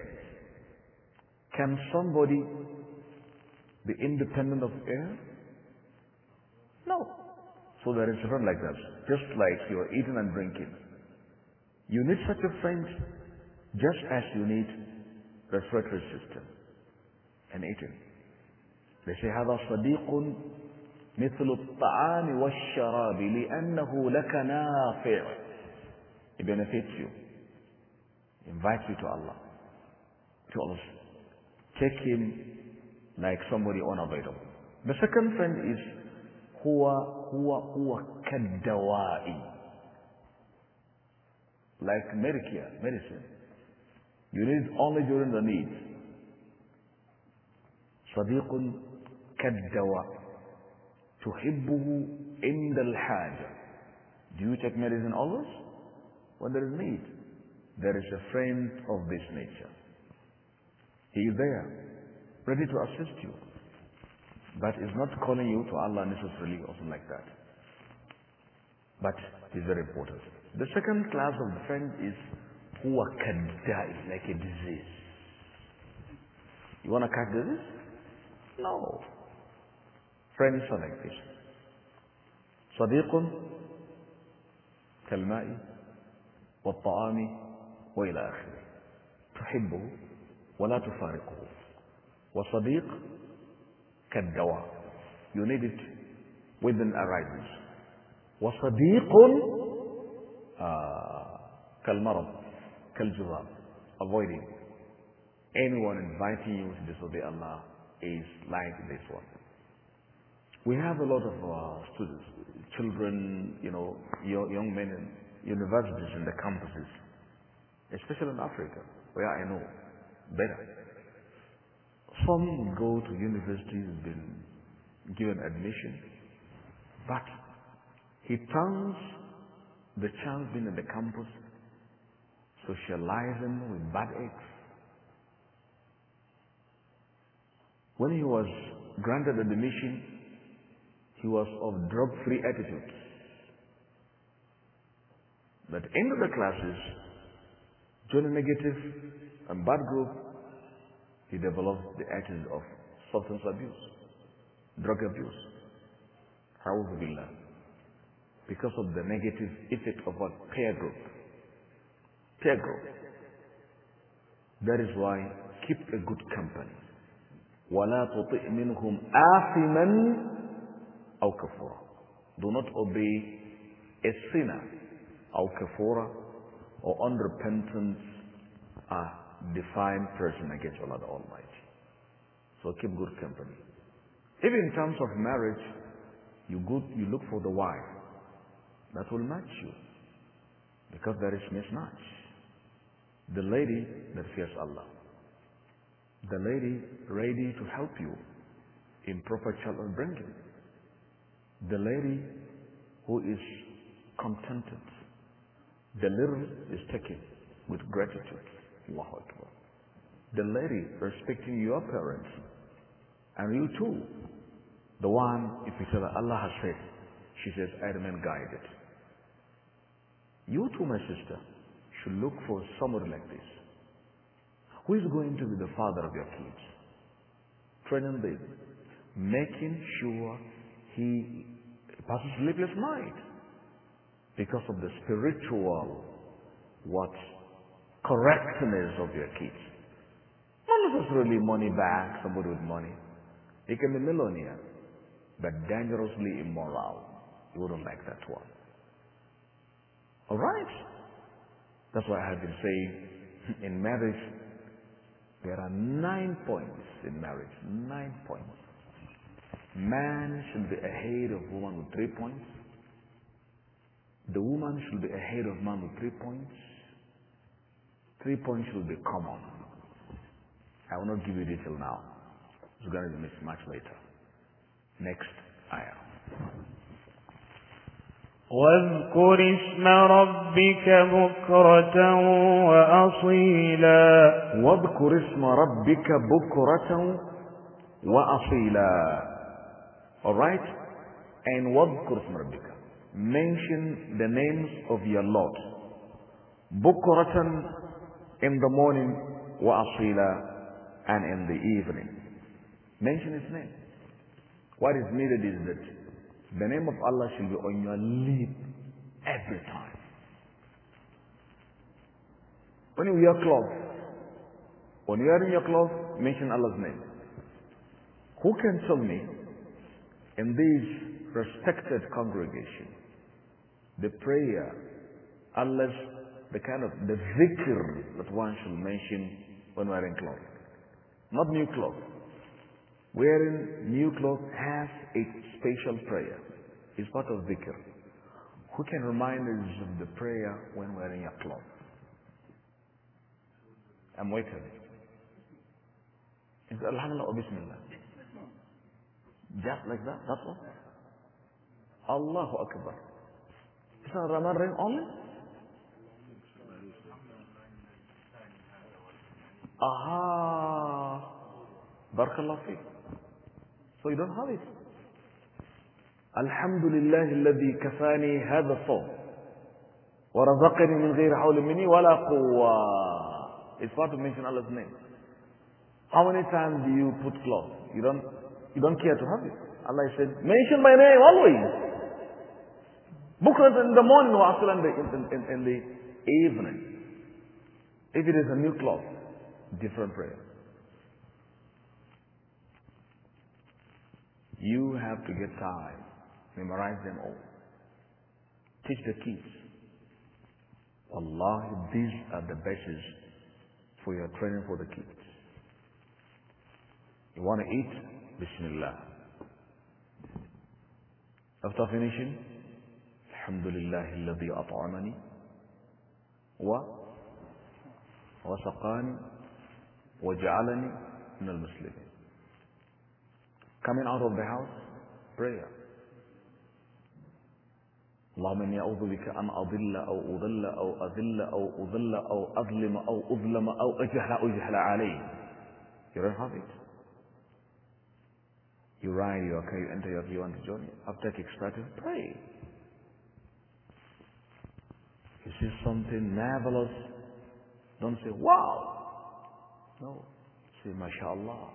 Can somebody be independent of air? No. So there is a friend like that. Just like you are eating and drinking. You need such a friend just as you need respiratory system and eating. They say, هذا صديق مثل الطعام والشراب لأنه لك نافع. It benefits you. invites you to Allah, to Allah. Take him like somebody unavailable. The second friend is huwa huwa huwa kadawai, like medicare, medicine. You need only during the need. صديق كالدواء تحبه عند الحاجة. Do you take medicine always? When there is need, there is a friend of this nature. He is there, ready to assist you, but is not calling you to Allah necessarily or something like that. But is very important. The second class of friend is who can die like a disease. You want to catch disease? No. Friends are like this. صديق كالماء والطعام وإلى آخره تحبه ولا تفارقه وصديق كالدواء you need it within arrives وصديق آه كالمرض كالجذاب avoiding anyone inviting you to disobey Allah is like this one we have a lot of uh, students children you know young men universities and the campuses, especially in Africa, where I know better. Some go to universities and been given admission, but he turns the child being in the campus, socializing with bad eggs. When he was granted admission, he was of drug-free attitude. But end of the classes, join a negative and bad group, he develops the attitude of substance abuse, drug abuse. learn? Because of the negative effect of a peer group. Peer group. That is why keep a good company. وَلَا تُطِئْ مِنْهُمْ آثِمًا أَوْ كَفُورًا Do not obey a sinner al kafura or unrepentance are defiant person against Allah the Almighty. So keep good company. Even in terms of marriage, you, good, you look for the wife that will match you because there is mismatch. The lady that fears Allah. The lady ready to help you in proper child bringing. The lady who is contented the little is taken with gratitude. Allahu Akbar. The lady respecting your parents and you too. The one, if you tell her, Allah has said, she says, I remain guided. You too, my sister, should look for someone like this. Who is going to be the father of your kids? Training them, making sure he passes sleepless night because of the spiritual what correctness of your kids. Not necessarily money back, somebody with money. He can be millionaire, but dangerously immoral. You wouldn't like that one. Alright? That's why I have been saying <laughs> in marriage, there are nine points in marriage. Nine points. Man should be ahead of woman with three points. The woman should be ahead of man with three points. Three points should be common. I will not give you detail now. It's going to be mismatched later. Next ayah. واذكر اسم ربك بكرة وأصيلا واذكر اسم ربك بكرة وأصيلا Alright? And واذكر اسم ربك mention the names of your Lord. Bukratan in the morning, wa asila, and in the evening. Mention his name. What is needed is that the name of Allah should be on your lip every time. When you wear clothes, when you are in your clothes, mention Allah's name. Who can tell me in this respected congregation the prayer, unless the kind of the zikr that one should mention when wearing clothes. Not new clothes. Wearing new clothes has a special prayer. It's part of zikr. Who can remind us of the prayer when wearing a clothes? I'm waiting. Is Alhamdulillah or Bismillah? Just like that? That's all? Allahu Akbar. It's not Raman rain only? Aha. Barakallah fi. So you don't have it. Alhamdulillah الذي كفاني هذا الصوم ورزقني من غير حول مني ولا قوة. It's hard to mention Allah's name. How many times do you put cloth? You don't, you don't care to have it. Allah said, mention my name always. Bukra in the morning or Asr in the, in, in, in the evening. If it is a new cloth, different prayer. You have to get tired. Memorize them all. Teach the kids. Allah, these are the bases for your training for the kids. You want to eat? Bismillah. After finishing, الحمد لله الذي أطعمني و وسقاني وجعلني من المسلمين coming out of the house prayer اللهم اني اعوذ بك ان اضل او اضل او اذل او اضل او اظلم او اظلم او اجهل أو اجهل علي you don't have it you ride your car you enter your you want to join it after kickstarter pray You see something marvelous, don't say, wow. No. Say, mashallah.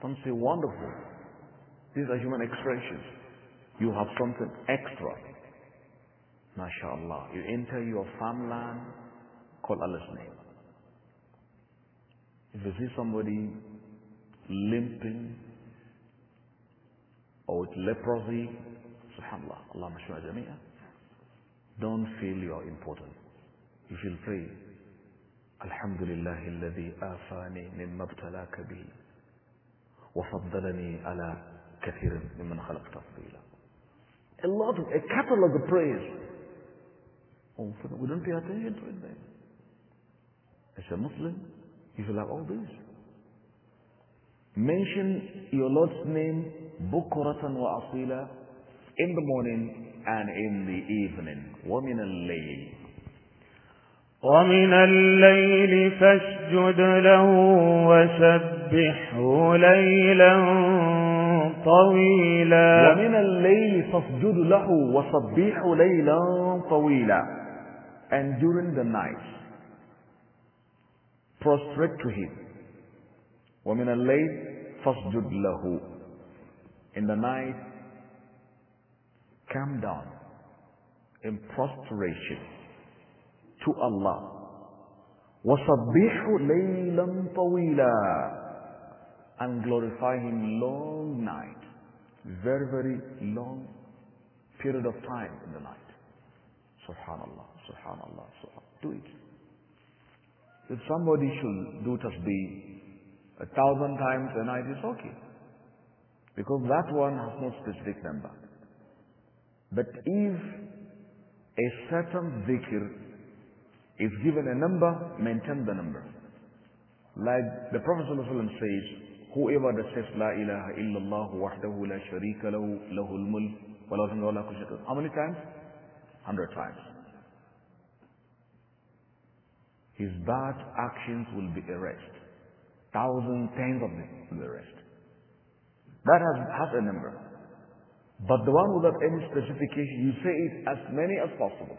Don't say wonderful. These are human expressions. You have something extra. MashaAllah. You enter your farmland, call Allah's name. If you see somebody limping or with leprosy Subhanallah. Allah mashma'a jamia. Don't feel your importance. You feel free. الحمد لله الذي آفاني مما ابتلاك به وفضلني على كثير ممن خلق تفضيلا. A lot of, a catalog of praise. Often oh, We don't pay attention to it then. As a Muslim, you should have all this. Mention your Lord's name بكرة وأصيلا in the morning and in the evening. وَمِنَ اللَّيْلِ وَمِنَ اللَّيْلِ فَاسْجُدْ لَهُ وَسَبِّحْهُ لَيْلًا طَوِيلًا وَمِنَ اللَّيْلِ فَاسْجُدْ لَهُ وَسَبِّحْهُ لَيْلًا طَوِيلًا And during the night, prostrate to him. وَمِنَ اللَّيْلِ فَاسْجُدْ لَهُ In the night, Come down in prostration to Allah. وَصَبِّحُ لَيْلًا طَوِيلًا And glorify Him long night. Very, very long period of time in the night. Subhanallah, subhanallah, subhanallah. Do it. If somebody should do tasbih a thousand times a night, it's okay. Because that one has no specific number. But if a certain dhikr is given a number, maintain the number. Like the Prophet ﷺ says, whoever that says La ilaha illallah wahdahu la sharika lahu lahul mulk wa la How many times? Hundred times. His bad actions will be erased. Thousands, tens of them will be erased. That has, has a number. But the one without any specification, you say it as many as possible.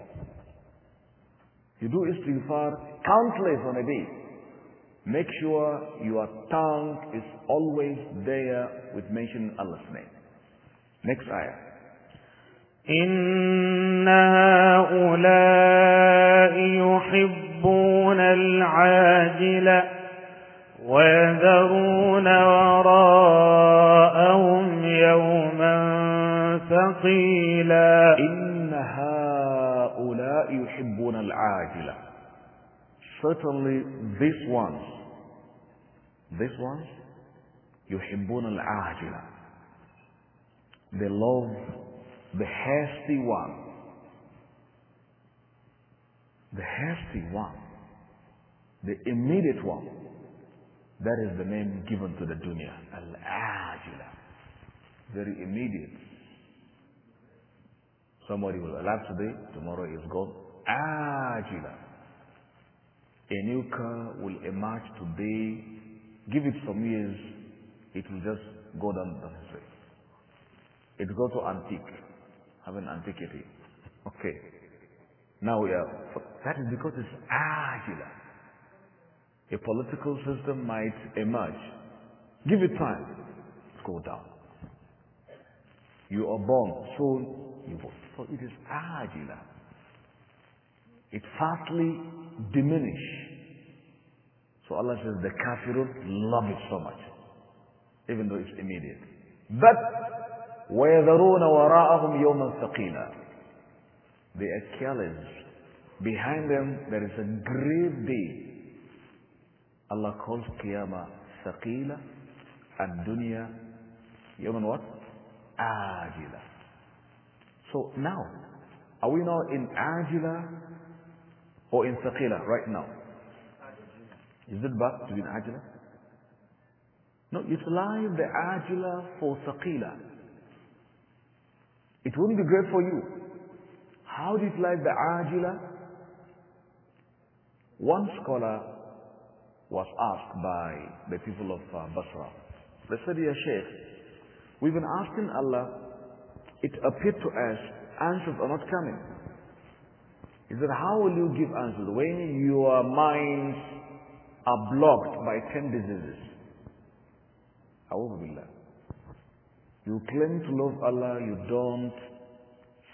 You do istighfar countless on a day. Make sure your tongue is always there with mentioning Allah's name. Next ayah. إن هؤلاء يحبون العاجلة ويذرون وعاجلة قيلا إن هؤلاء يحبون العاجلة certainly these ones these ones يحبون العاجلة they love the hasty one the hasty one the immediate one that is the name given to the dunya al-ajila very immediate Somebody will alive today, tomorrow is gone. Ajila. Ah, A new car will emerge today. Give it some years, it will just go down the street. It goes to antique, have an antiquity. Okay. Now we are, that is because it's agila. Ah, A political system might emerge. Give it time, go down. You are born soon, so it is ajila. It fastly diminish. So Allah says the kafirun love it so much. Even though it's immediate. But وَيَذَرُونَ وَرَاءَهُمْ يَوْمًا ثَقِيلًا They are careless. Behind them there is a grave day. Allah calls Qiyamah ثَقِيلًا الدُّنْيَا يَوْمًا what? آجِلًا so now, are we now in Ajila or in Saqila right now? Is it back to be in Ajila? No, like the Ajila for Saqila. It wouldn't be great for you. How do you like the Ajila? One scholar was asked by the people of uh, Basra. They said, Ya Sheikh, we've been asking Allah it appeared to us answers are not coming. He said, how will you give answers when your minds are blocked by ten diseases? You claim to love Allah, you don't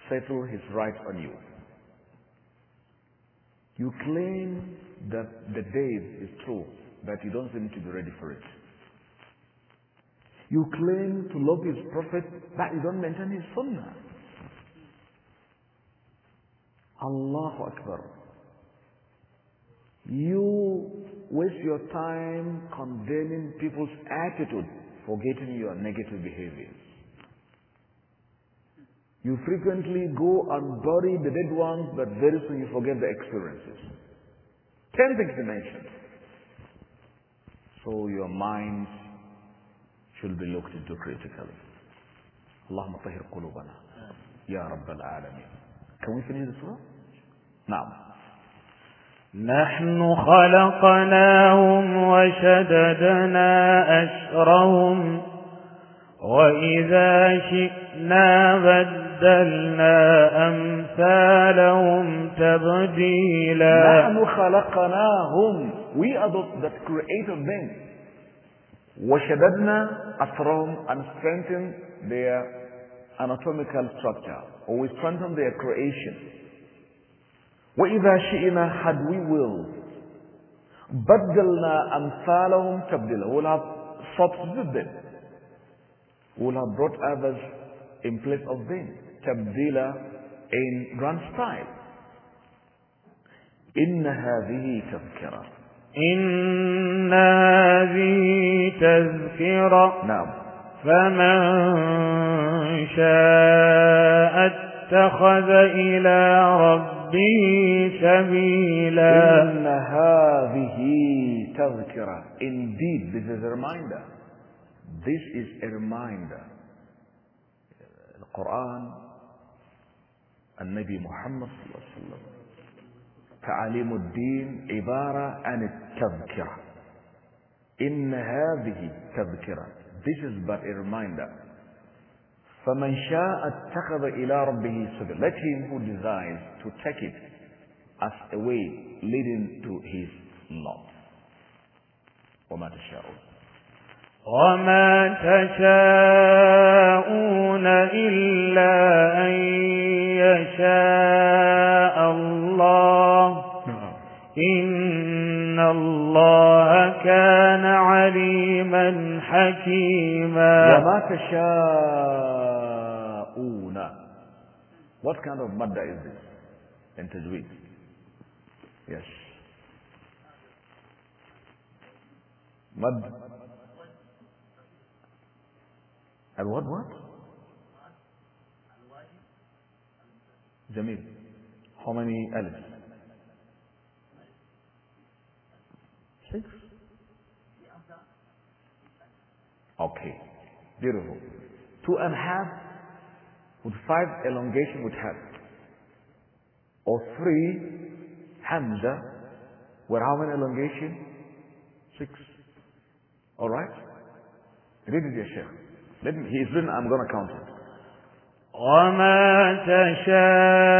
settle His right on you. You claim that the day is true, but you don't seem to be ready for it. You claim to love his prophet, but you don't mention his sunnah. Allahu Akbar. You waste your time condemning people's attitude, forgetting your negative behavior. You frequently go and bury the dead ones, but very soon you forget the experiences. Ten things to mention. So your mind should be looked into critically. اللهم طهر قلوبنا يا رب العالمين. Can we finish the surah? نعم. نحن خلقناهم وشددنا أشرهم وإذا شئنا بدلنا أمثالهم تبديلا نحن خلقناهم We are the, that created them وَشَدَدْنَا أَثْرَهُمْ and strengthened their anatomical structure, or we strengthened their creation. وَإِذَا شِئِنَا had we willed, بَدَّلْنَا أَمْثَالَهُمْ تَبْدِلًا We'll have substituted them. We'll have brought others in place of them. تَبْدِلًا in grand style. إِنَّ هَذِهِ تَذْكِرَةٌ إن هذه تذكرة نعم فمن شاء اتخذ إلى ربه سبيلا إن هذه تذكرة indeed this is a reminder this is a reminder القرآن النبي محمد صلى الله عليه وسلم تعاليم الدين عبارة عن تذكرة إن هذه تذكرة This is but a reminder فمن شاء اتخذ إلى ربه سبيل Let him who desires to take it as a way leading to his love وما تشاءون وما تشاءون إلا أن يشاء الله كان عليما حكيما وما تشاءون What kind of madda is this? In Tajweed. Yes. Mad. And what what? Jamil. How many alifs? Okay. Beautiful. Two and a half with five elongation would have, Or three hamza with how many elongation? Six. Alright? Read it, your Shaykh. Let me, he's written, I'm gonna count it. وَمَا تَشَاءُ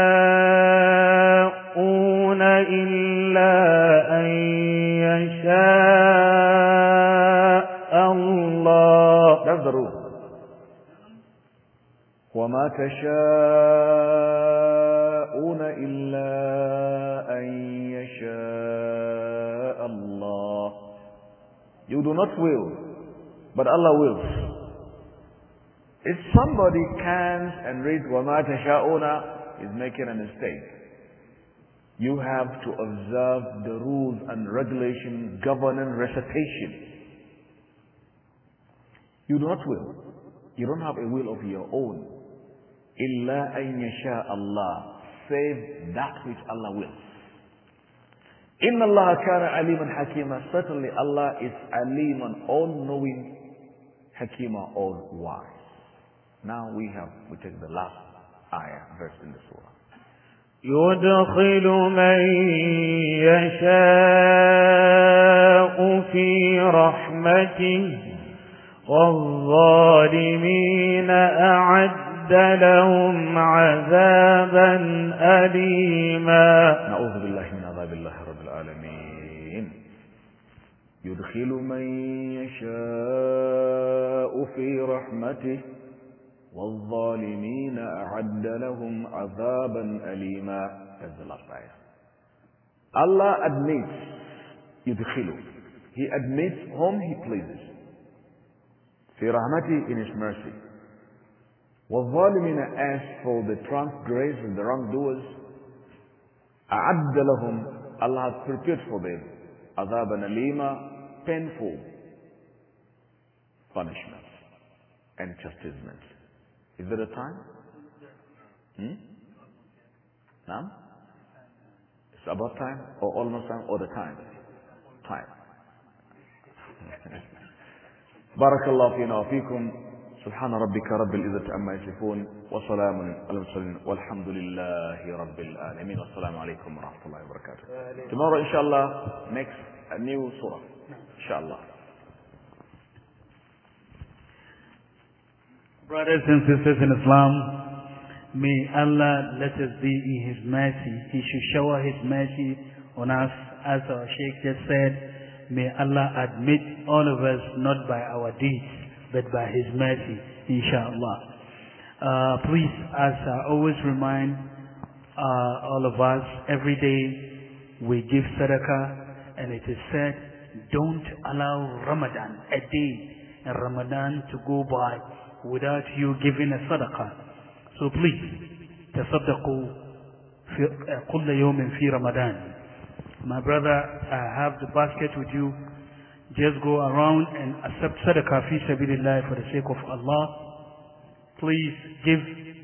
تشاءون إلا أن يشاء الله You do not will, but Allah wills. If somebody can and reads وَمَا تَشَاءُونَ is making a mistake. You have to observe the rules and regulations governing recitation. You do not will. You don't have a will of your own. إلا أن يشاء الله save that which Allah wills. إن الله كان عليما حكيما certainly Allah is عليما all knowing حكيما all wise. Now we have we take the last ayah verse in the surah. يدخل من يشاء في رحمته والظالمين أعد أعد لهم عذابا أليما نعوذ بالله من عذاب الله رب العالمين يدخل من يشاء في رحمته والظالمين أعد لهم عذابا أليما That's the last ayah. Allah admits يدخله. He admits whom He pleases. في رحمته in His mercy. والظالمين as for the transgressors, and the wrongdoers, أعد لهم Allah has prepared for them عذابا أليما painful punishment and chastisement. Is there a time? Hmm? Now? It's about time or almost time or the time? Time. بارك الله فينا وفيكم سبحان ربك رب العزة عما يصفون وسلام على المرسلين والحمد لله رب العالمين والسلام عليكم ورحمة الله وبركاته tomorrow إن شاء الله next a new surah إن شاء الله brothers and sisters in Islam May Allah let us be in His mercy. He should shower His mercy on us. As our Sheikh just said, may Allah admit all of us not by our deeds, but by His mercy, inshallah. Uh, please, as I always remind uh, all of us, every day we give sadaqah, and it is said, don't allow Ramadan, a day in Ramadan to go by without you giving a sadaqah. So please, تصدقوا في كل يوم في رمضان. My brother, I have the basket with you just go around and accept sadaqah fi sabilillah for the sake of Allah. Please give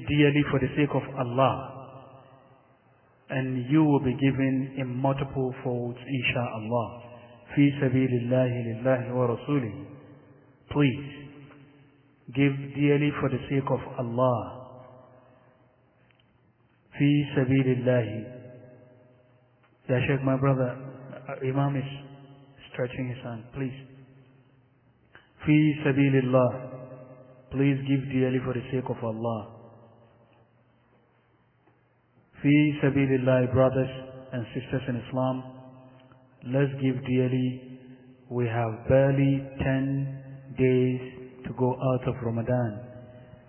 dearly for the sake of Allah. And you will be given in multiple folds, insha'Allah. Fi sabilillahi lillahi wa rasulihi. Please, give dearly for the sake of Allah. Fi sabilillahi. Ya Sheikh, my brother, uh, Imam is stretching his hand, please. Fi sabilillah. Please give dearly for the sake of Allah. Fi sabilillah, brothers and sisters in Islam. Let's give dearly. We have barely 10 days to go out of Ramadan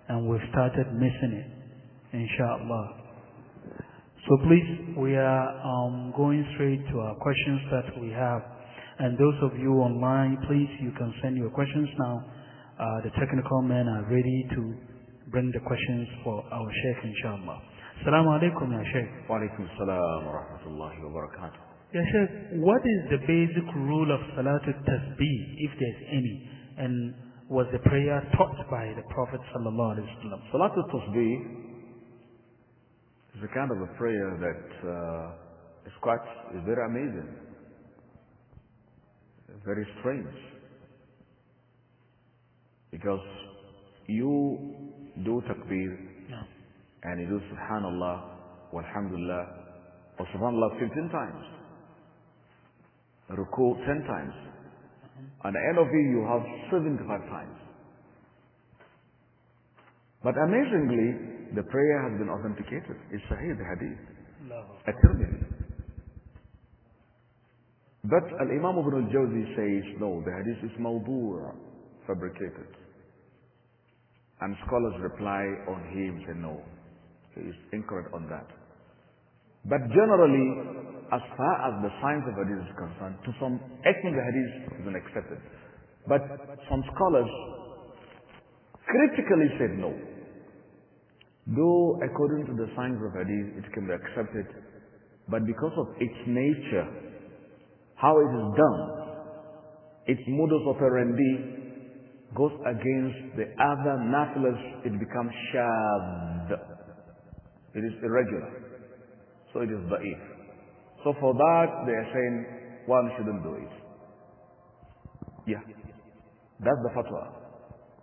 and we've started missing it, inshallah. So please, we are um, going straight to our questions that we have. And those of you online, please, you can send your questions now. Uh, the technical men are ready to bring the questions for our Sheikh, inshallah. Assalamu alaikum, Ya Sheikh. Wa alaikum salam wa rahmatullahi wa barakatuh. Ya Sheikh, what is the basic rule of Salatul Tasbih, if there's any? And was the prayer taught by the Prophet Sallallahu Alaihi Wasallam? Salatul Tasbih is a kind of a prayer that uh, is quite, is very amazing very strange. Because you do takbir no. and you do subhanallah, walhamdulillah, or subhanallah 15 times, ruku 10 times. Uh-huh. and the end of it, you have 75 times. But amazingly, the prayer has been authenticated. It's Sahih, the hadith. At Tirmidhi. But Al-Imam Ibn al-Jawzi says, no, the hadith is mawdu'a, fabricated. And scholars reply on him, say no. He is incorrect on that. But generally, as far as the science of hadith is concerned, to some extent the hadith is been accepted. But some scholars critically said no. Though according to the science of hadith, it can be accepted, but because of its nature, how it is done, its modus operandi goes against the other nafilas, it becomes shad. It is irregular. So it is da'if. So for that, they are saying one shouldn't do it. Yeah. That's the fatwa.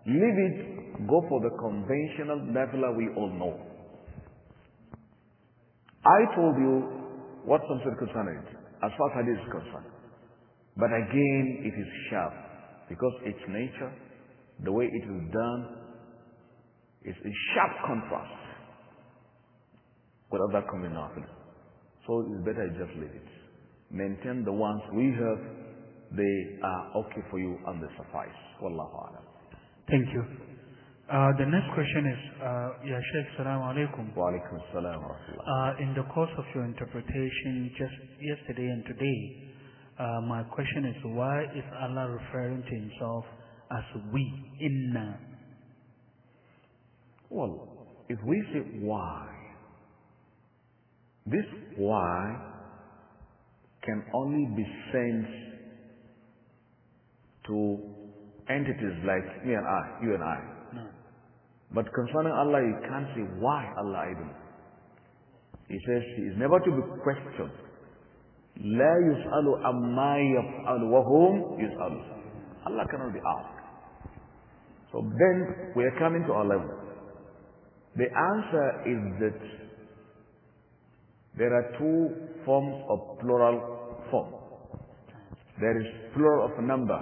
Leave it, go for the conventional nafila we all know. I told you what some said as far as hadith is concerned. But again, it is sharp because its nature, the way it is done, is in sharp contrast with other common after. So it's better just leave it. Maintain the ones we have. They are okay for you and they suffice. Wallahu alam. Thank you. Uh, the next question is, uh, Ya Sheikh, Salaamu Alaikum. Wa Alaikum Salaam. Uh, in the course of your interpretation just yesterday and today, uh, my question is why is Allah referring to himself as we, inna? Well, if we say why, this why can only be sent to entities like me and I, you and I. No. But concerning Allah, you can't say why Allah even. He says he is never to be questioned. لا يسأل عما يفعل وهم يسأل Allah cannot be asked. So then we are coming to our level. The answer is that there are two forms of plural form. There is plural of number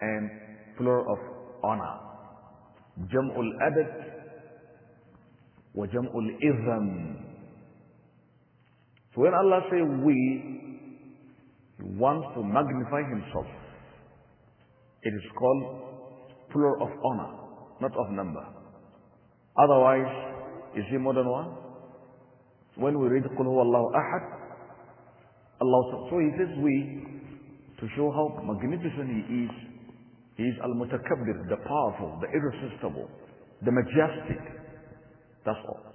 and plural of honor. جمع الأدب وجمع الإذم so when Allah says we, He wants to magnify Himself. It is called plural of honor, not of number. Otherwise, is He more than one? When we read Qul Allahu Ahad, Allah so He says we to show how magnificent He is. He is Al-Mutakabbir, the powerful, the irresistible, the majestic. That's all.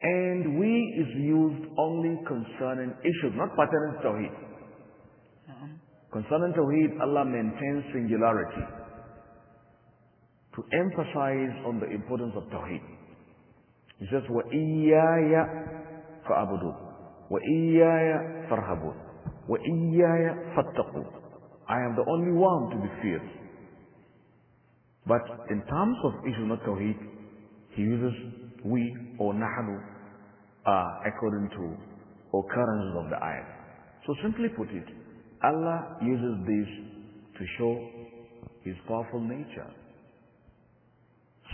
And we is used only concerning issues, not pertaining to Tawheed. Uh-huh. Concerning Tawheed, Allah maintains singularity to emphasize on the importance of Tawheed. He says, وَإِيَّايَ فَأَبُدُوا وَإِيَّايَ فَارْهَبُوا وَإِيَّايَ فَاتَّقُوا I am the only one to be feared. But in terms of issues not Tawheed, he uses we or nahnu are according to occurrences of the ayah. So simply put it, Allah uses this to show His powerful nature.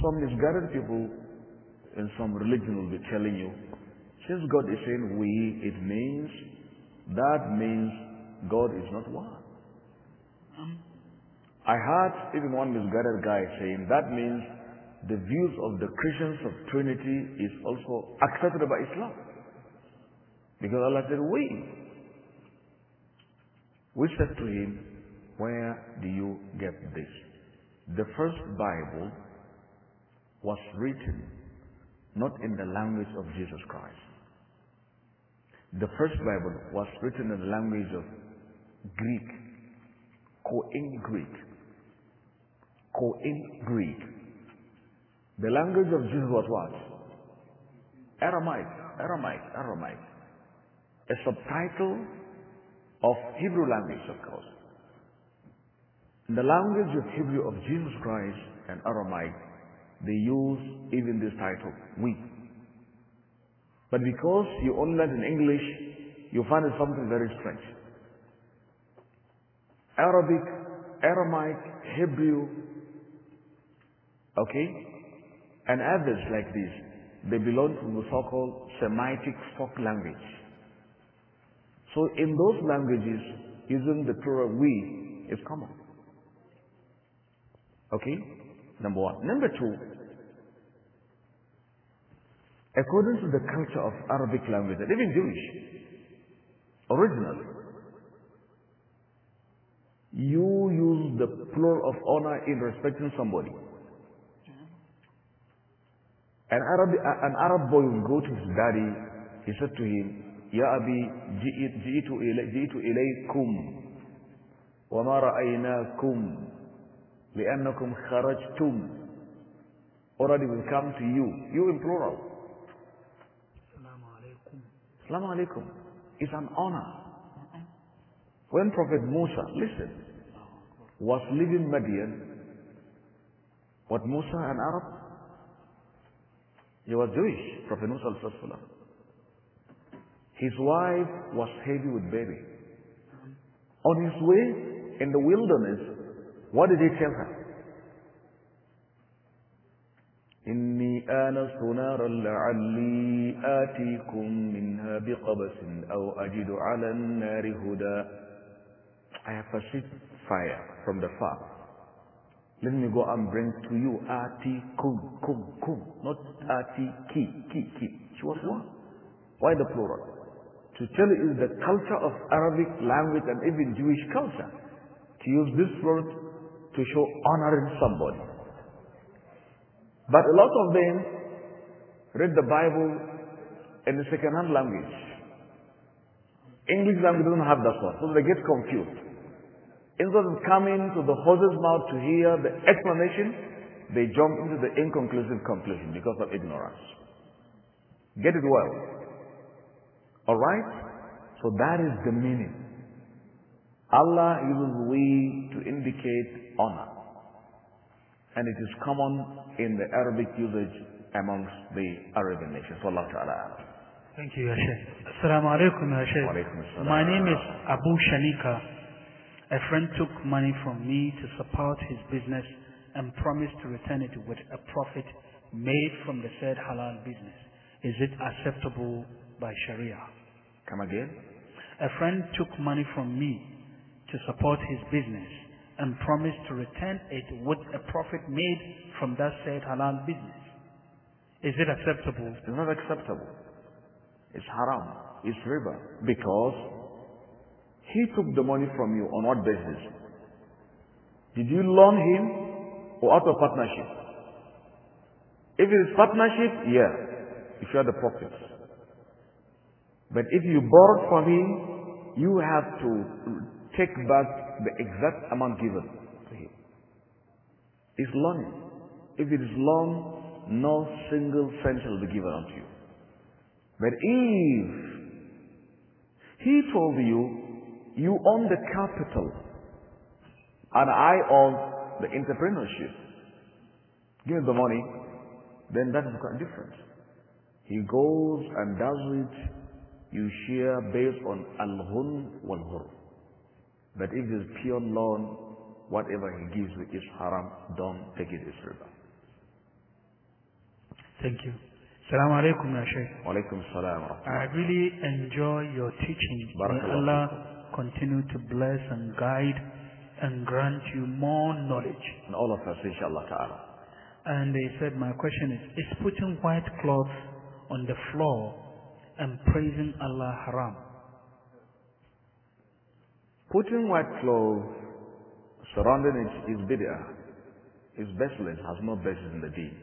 Some misguided people in some religion will be telling you, since God is saying we, it means, that means God is not one. Hmm. I heard even one misguided guy saying, that means the views of the Christians of Trinity is also accepted by Islam. Because Allah said, we. We said to him, where do you get this? The first Bible was written not in the language of Jesus Christ. The first Bible was written in the language of Greek, Koine Greek, Koine Greek, the language of Jesus was what? Aramaic, Aramaic, Aramaic. A subtitle of Hebrew language, of course. In the language of Hebrew of Jesus Christ and Aramaic, they use even this title, we. But because you only learn in English, you find it something very strange. Arabic, Aramaic, Hebrew, okay, and others like this, they belong to the so-called Semitic folk language. So in those languages, using the plural we is common. Okay? Number one. Number two, according to the culture of Arabic language, and even Jewish, originally, you use the plural of honor in respecting somebody. An Arab, an Arab boy will go to his daddy. He said to him, "Ya abi, جئت جئت إليكم وما رأيناكم لأنكم خرجتم already will come to you you in plural السلام alaykum. السلام alaykum is an honor uh-huh. when Prophet Musa listen was leaving Madian what Musa an Arab he was Jewish, Prophet Musa al His wife was heavy with baby. On his way in the wilderness, what did he tell her? إني آنست نارا لعلي آتيكم منها بقبس أو أجد على النار هدى I have perceived fire from the far let me go and bring to you ati kum, kum, kum, not ati ki, ki, ki. She was one? Why the plural? To tell you is the culture of Arabic language and even Jewish culture. To use this word to show honoring somebody. But a lot of them read the Bible in the second-hand language. English language doesn't have that one, so they get confused. Instead of coming to the horse's mouth to hear the explanation, they jump into the inconclusive conclusion because of ignorance. Get it well. Alright? So that is the meaning. Allah uses we to indicate honor. And it is common in the Arabic usage amongst the Arab nations. Wallahu ta'ala. Thank you, Ya Sheikh. Assalamu alaikum, Ya Sheikh. My name is Abu Shanika. A friend took money from me to support his business and promised to return it with a profit made from the said halal business. Is it acceptable by Sharia? Come again. A friend took money from me to support his business and promised to return it with a profit made from that said halal business. Is it acceptable? It's not acceptable. It's haram. It's riba. Because he took the money from you on what basis? Did you loan him or out of partnership? If it is partnership, yeah, you share the profits. But if you borrowed from him, you have to take back the exact amount given to him. It's loaning. If it is loan, no single cent will be given unto you. But if he told you you own the capital, and I own the entrepreneurship. Give me the money, then that is quite different. He goes and does it. You share based on al-hun wal-hur. But if it is pure loan, whatever he gives you is haram. Don't take it as riba. Thank you. Assalamu alaikum, Ya Shaykh. Wa alaikum salam. I really enjoy your teaching. May continue to bless and guide and grant you more knowledge. And all of us, inshallah ta'ala. And he said, my question is, is putting white cloth on the floor and praising Allah haram? Putting white cloth surrounding it is bid'ah. It's baseless, has no basis in the deen.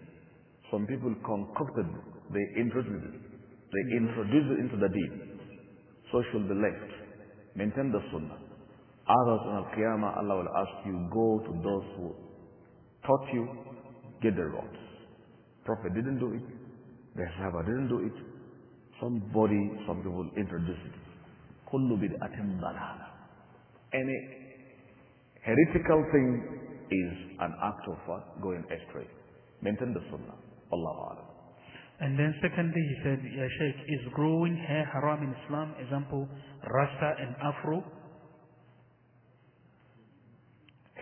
Some people concocted, they introduced it. They introduced it into the deen. So should be left. Maintain the sunnah. Others on Al-Qiyamah, Allah will ask you, go to those who taught you, get the rewards. Prophet didn't do it. The Sahaba didn't do it. Somebody, some people introduce it. كل بدعة ضلالة. Any heretical thing is an act of Going astray. Maintain the sunnah. Allah And then secondly, he said, Ya is growing hair haram in Islam? Example, Rasta and Afro.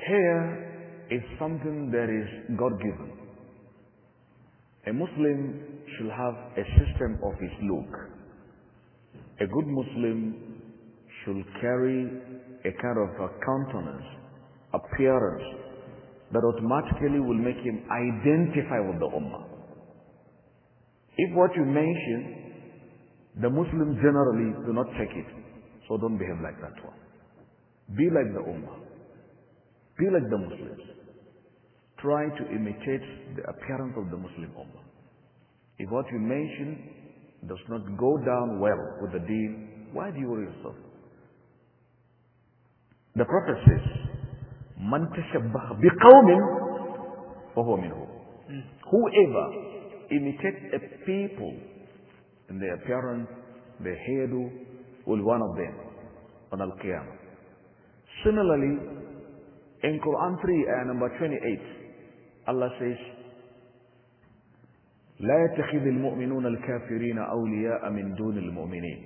Hair is something that is God-given. A Muslim should have a system of his look. A good Muslim should carry a kind of a countenance, appearance, that automatically will make him identify with the Ummah. If what you mention, the Muslims generally do not take it. So don't behave like that one. Be like the Ummah. Be like the Muslims. Try to imitate the appearance of the Muslim Ummah. If what you mention does not go down well with the deen, why do you worry yourself? The Prophet says, Man tashabbaha biqawmin fahuwa minhu. Whoever imitates a people in their appearance, their hairdo, will one of them on Al-Qiyamah. Similarly, in Quran 3, ayah number 28, Allah says, لا يتخذ المؤمنون الكافرين أولياء من دون المؤمنين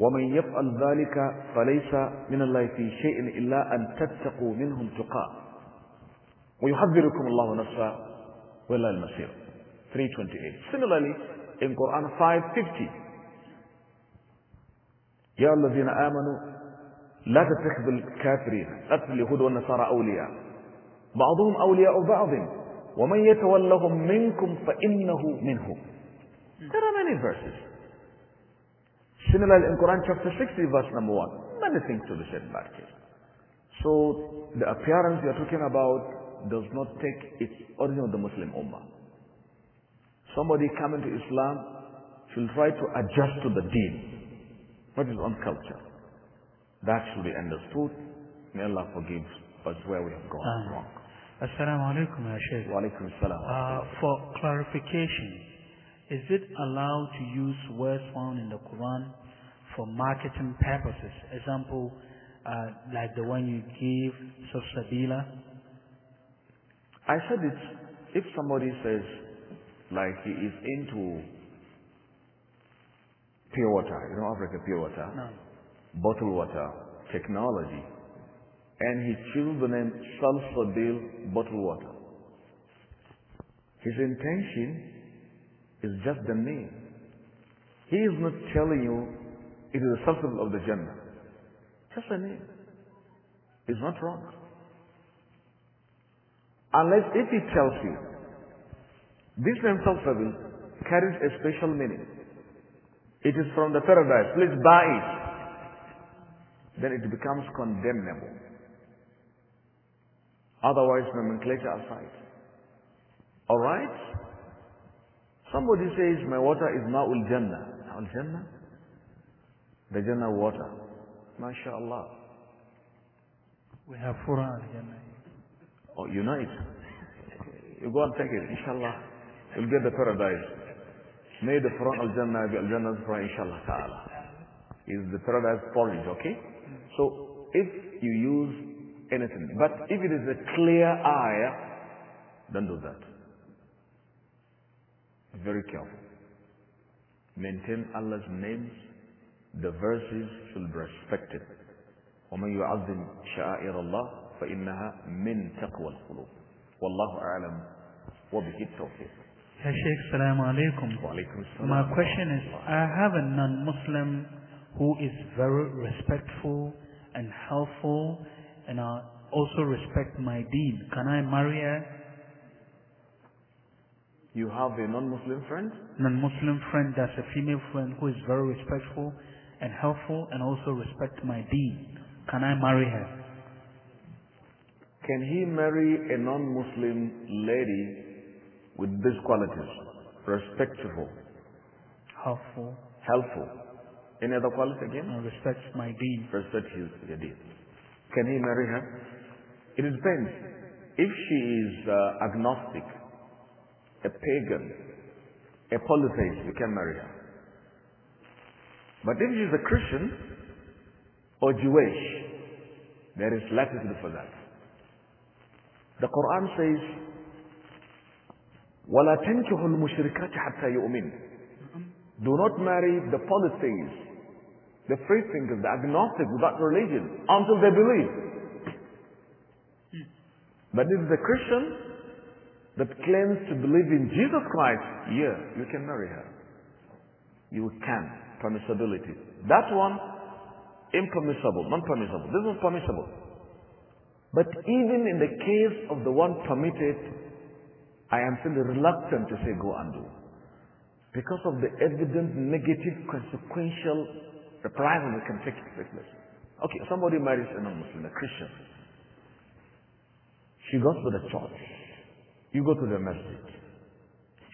ومن يفعل ذلك فليس من الله في شيء إلا أن تتقوا منهم تقاء ويحذركم الله نفسه ولا المسير 328 Similarly in Quran 550 يا الذين آمنوا لا تتخذوا الكافرين قتل اليهود والنصارى أولياء بعضهم أولياء بعض ومن يتولهم منكم فإنه منهم There are many verses. similar in Quran chapter 60 verse number 1. Many things to be said in that case. So the appearance you are talking about does not take its origin of the Muslim Ummah. Somebody coming to Islam should try to adjust to the deen. What is on culture? That should be understood. May Allah forgive us where we have gone um, wrong. Assalamu alaikum, Sheikh. Wa alaikum uh, for clarification, is it allowed to use words found in the Quran for marketing purposes? Example, uh, like the one you gave, Sosabila? I said it, if somebody says, like he is into Pure water. You know Africa, pure water. No. Bottled water. Technology. And he chose the name Salsabil bottled water. His intention is just the name. He is not telling you it is a substance of the Jannah. Just the name. It's not wrong. Unless if he tells you, this name Salsabil carries a special meaning. It is from the paradise. Please buy it. Then it becomes condemnable. Otherwise, nomenclature aside. Alright? Somebody says, my water is ma'ul jannah. Ma'ul jannah? The jannah water. MashaAllah. We have four al jannah. Oh, unite. <laughs> You go and take it, inshallah. You'll get the paradise. May the front of Jannah be jannahs front, inshallah ta'ala. Is the paradise porridge, okay? So, if you use anything, but if it is a clear eye, don't do that. Very careful. Maintain Allah's names. The verses should be respected. وَمَنْ يُعَظِّمْ شَعَائِرَ اللَّهِ فَإِنَّهَا مِنْ تَقْوَى الْقُلُوبِ وَاللَّهُ أَعْلَمُ وَبِهِ التَّوْفِيقُ Hey Alaikum. My question is, I have a non-Muslim who is very respectful and helpful and I also respect my deen. Can I marry her? You have a non-Muslim friend? Non-Muslim friend that's a female friend who is very respectful and helpful and also respect my deen. Can I marry her? Can he marry a non-Muslim lady with these qualities. Respectful. Helpful. Helpful. Any other quality again? I respect my deed. Respect his your deed. Can he marry her? It depends. If she is uh, agnostic, a pagan, a polytheist, you can marry her. But if she is a Christian or Jewish, there is latitude for that. The Quran says, وَلَا تَنْكِحُ الْمُشْرِكَاتِ حَتَّى يُؤْمِنْ Do not marry the polytheists, the free thinkers, the agnostics without religion until they believe. But if the Christian that claims to believe in Jesus Christ, yeah, you can marry her. You can. Permissibility. That one, impermissible, non-permissible. This is permissible. But even in the case of the one permitted, I am still reluctant to say go and do. Because of the evident negative consequential reprisal that can take place. Okay, somebody marries a non-Muslim, a Christian. She goes to the church. You go to the masjid.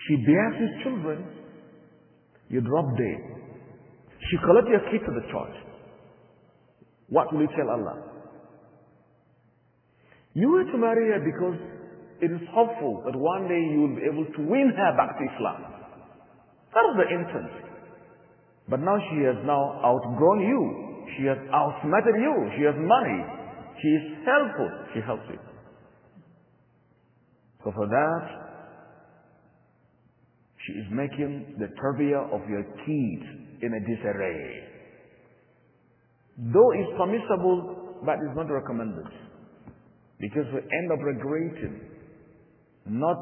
She bears his children. You drop dead. She collects your kids to the church. What will you tell Allah? You were to marry her because it is hopeful that one day you will be able to win her back to Islam. That is the intent. But now she has now outgrown you. She has outsmarted you. She has money. She is helpful. She helps you. So for that, she is making the tarbiyah of your kids in a disarray. Though it's permissible, but it's not recommended. Because we end up regretting not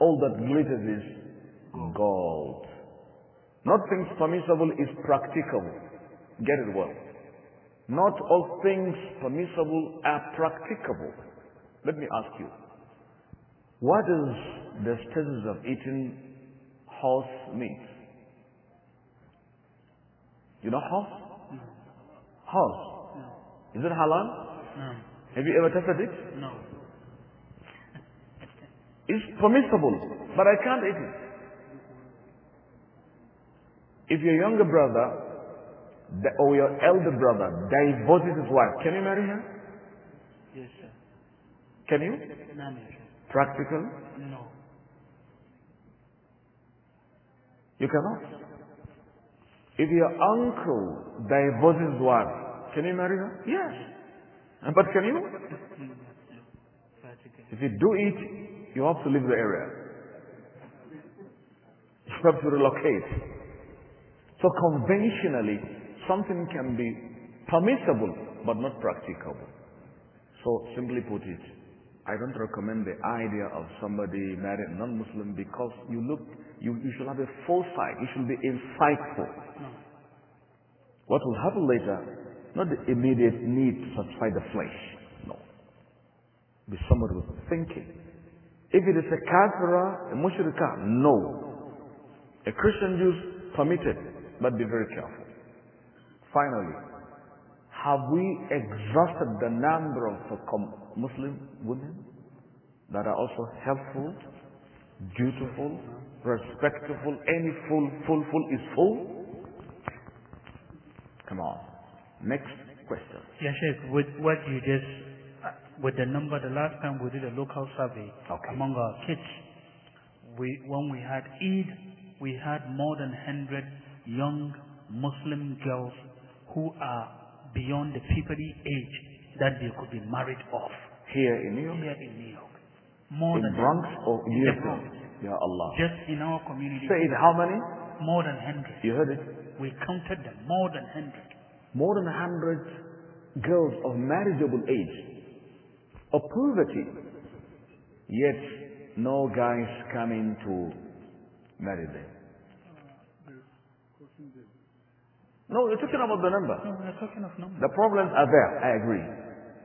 all that glitters is gold. Not things permissible is practicable. Get it well. Not all things permissible are practicable. Let me ask you. What is the status of eating horse meat? You know horse? Horse. Is it halal? No. Have you ever tasted it? No. It's permissible, but I can't eat it. If your younger brother or your elder brother divorces his wife, can you marry her? Yes, sir. Can you? No, Practical? No. You cannot. If your uncle divorces his wife, can you marry her? Yes. But can you? If you do it, you have to leave the area. You have to relocate. So conventionally, something can be permissible but not practicable. So simply put it, I don't recommend the idea of somebody married non-Muslim because you look, you, you should have a foresight. You should be insightful. What will happen later, not the immediate need to satisfy the flesh. No. Be somebody with thinking. If it is a kafira, a mushrika, no. A Christian Jew permitted, but be very careful. Finally, have we exhausted the number of Muslim women that are also helpful, dutiful, respectful, any full, full, full is full? Come on. Next question. Yeah, Sheikh, with what you just with the number the last time we did a local survey okay. among our kids. We, when we had Eid, we had more than 100 young Muslim girls who are beyond the puberty age that they could be married off. Here in New York? Here in New York. More in than Bronx or New York? Yeah, Allah. Just in our community. Say how many? More than 100. You heard it? We counted them, more than 100. More than 100 girls of marriageable age of poverty. Yet no guys coming to marry them. No, you're talking about the number. No, we're talking of number. The problems are there, I agree.